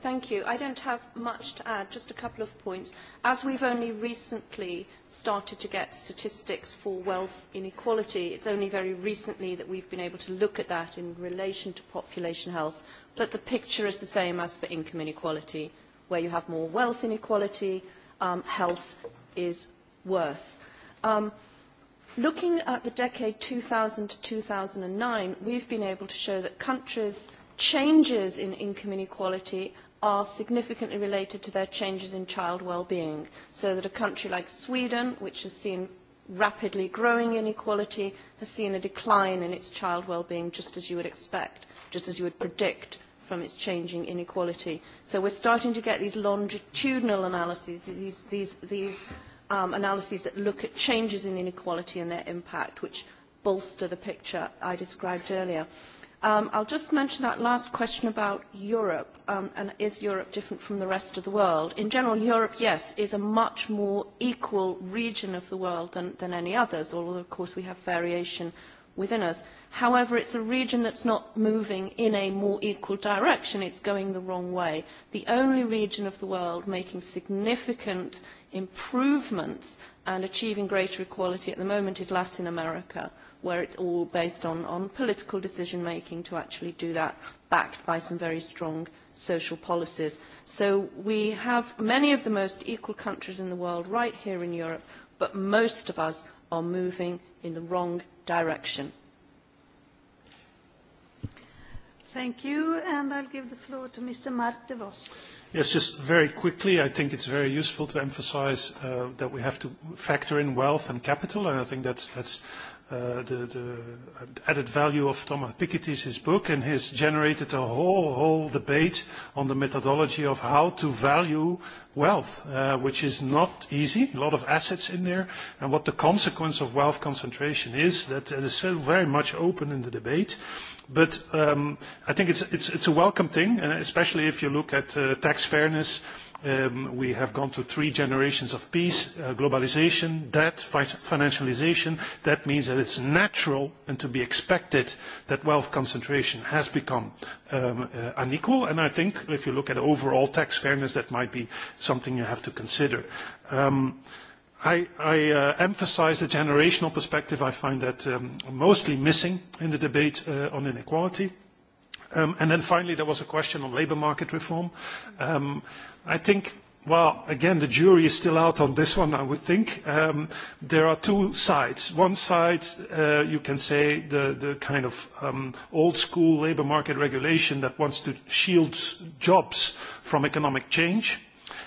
Thank you. I don't have much to add, just a couple of points. As we've only recently started to get statistics for wealth inequality, it's only very recently that we've been able to look at that in relation to population health, but the picture is the same as for income inequality, where you have more wealth inequality, um, health is worse. Um, looking at the decade 2000 to 2009, we've been able to show that countries' changes in income inequality are significantly related to their changes in child well-being, so that a country like Sweden, which has seen rapidly growing inequality, has seen a decline in its child well-being just as you would expect, just as you would predict from its changing inequality. So we're starting to get these longitudinal analyses, these, these, these um, analyses that look at changes in inequality and their impact, which bolster the picture I described earlier. Um, I'll just mention that last question about Europe, um, and is Europe different from the rest of the world? In general, Europe, yes, is a much more equal region of the world than, than any others, although, of course, we have variation within us. However, it's a region that's not moving in a more equal direction. It's going the wrong way. The only region of the world making significant – improvements and achieving greater equality at the moment is Latin America, where it's all based on, on political decision making to actually do that, backed by some very strong social policies. So we have many of the most equal countries in the world right here in Europe, but most of us are moving in the wrong direction. Thank you, and I'll give the floor to Mr. Mark de Vos. Yes, just very quickly, I think it's very useful to emphasize uh, that we have to factor in wealth and capital, and I think that's, that's uh, the, the added value of Thomas Piketty's book and has generated a whole, whole debate on the methodology of how to value wealth, uh, which is not easy, a lot of assets in there, and what the consequence of wealth concentration is, that is still very much open in the debate. But um, I think it's, it's, it's a welcome thing, especially if you look at uh, tax fairness, Um, we have gone through three generations of peace, uh, globalization, debt, fi financialization. That means that it's natural and to be expected that wealth concentration has become um, uh, unequal. And I think if you look at overall tax fairness, that might be something you have to consider. Um, I, I uh, emphasize the generational perspective. I find that um, mostly missing in the debate uh, on inequality. Um, and then finally, there was a question on labor market reform. Um, I think, well, again, the jury is still out on this one, I would think. Um, there are two sides. One side, uh, you can say, the, the kind of um, old-school labor market regulation that wants to shield jobs from economic change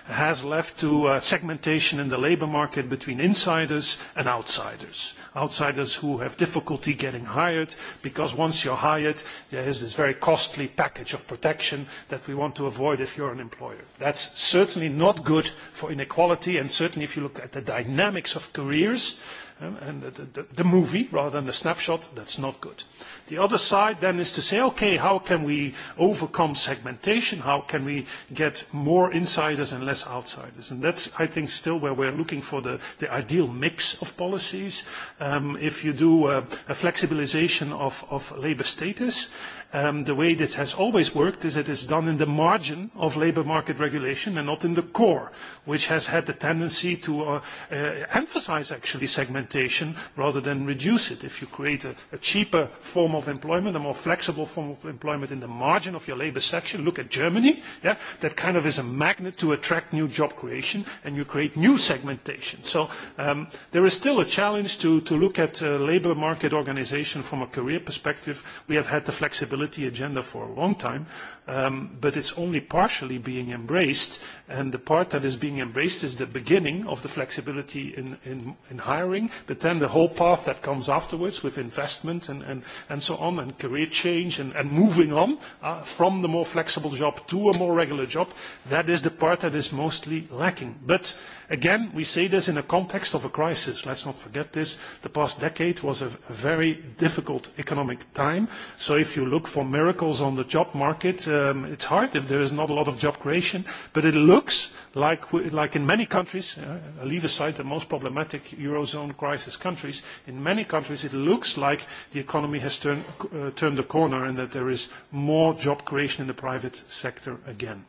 has left to uh, segmentation in the labor market between insiders and outsiders. Outsiders who have difficulty getting hired because once you're hired, there is this very costly package of protection that we want to avoid if you're an employer. That's certainly not good for inequality and certainly if you look at the dynamics of careers, um, and the, the, the movie rather than the snapshot, that's not good. The other side then is to say, okay, how can we overcome segmentation? How can we get more insiders and less outsiders? And that's, I think, still where we're looking for the, the ideal mix of policies. Um, if you do a, a flexibilization of, of labor status, Um, the way this has always worked is it is done in the margin of labor market regulation and not in the core, which has had the tendency to uh, uh, emphasize actually segmentation rather than reduce it. If you create a, a cheaper form of employment, a more flexible form of employment in the margin of your labor section, look at Germany, yeah, that kind of is a magnet to attract new job creation and you create new segmentation. So um, there is still a challenge to, to look at uh, labor market organization from a career perspective. We have had the flexibility sustainability agenda for a long time, um, but it's only partially being embraced, and the part that is being embraced is the beginning of the flexibility in, in, in hiring, but then the whole path that comes afterwards with investment and, and, and so on, and career change, and, and moving on uh, from the more flexible job to a more regular job, that is the part that is mostly lacking. But again, we say this in a context of a crisis. Let's not forget this. The past decade was a very difficult economic time. So if you look look for miracles on the job market. Um, it's hard if there is not a lot of job creation, but it looks like, like in many countries, uh, leave aside the most problematic Eurozone crisis countries, in many countries it looks like the economy has turn, uh, turned the corner and that there is more job creation in the private sector again.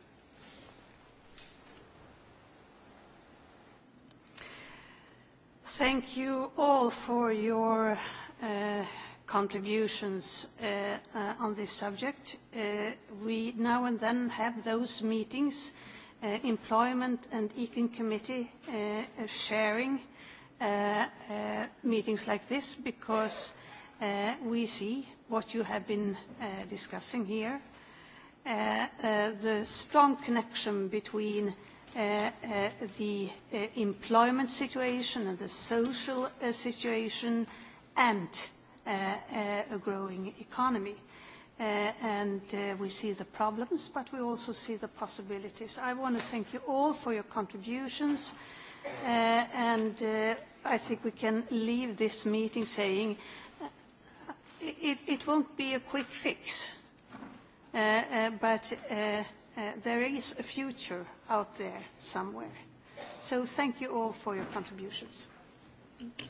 Thank you all for your uh, contributions uh, uh, on this subject. Uh, we now and then have those meetings, uh, Employment and Econ Committee uh, uh, sharing uh, uh, meetings like this because uh, we see what you have been uh, discussing here, uh, uh, the strong connection between uh, uh, the uh, employment situation and the social uh, situation and uh, Uh, uh, a growing economy. Uh, and uh, we see the problems, but we also see the possibilities. I want to thank you all for your contributions, uh, and uh, I think we can leave this meeting saying uh, it, it won't be a quick fix, uh, uh, but uh, uh, there is a future out there somewhere. So thank you all for your contributions. Thank you.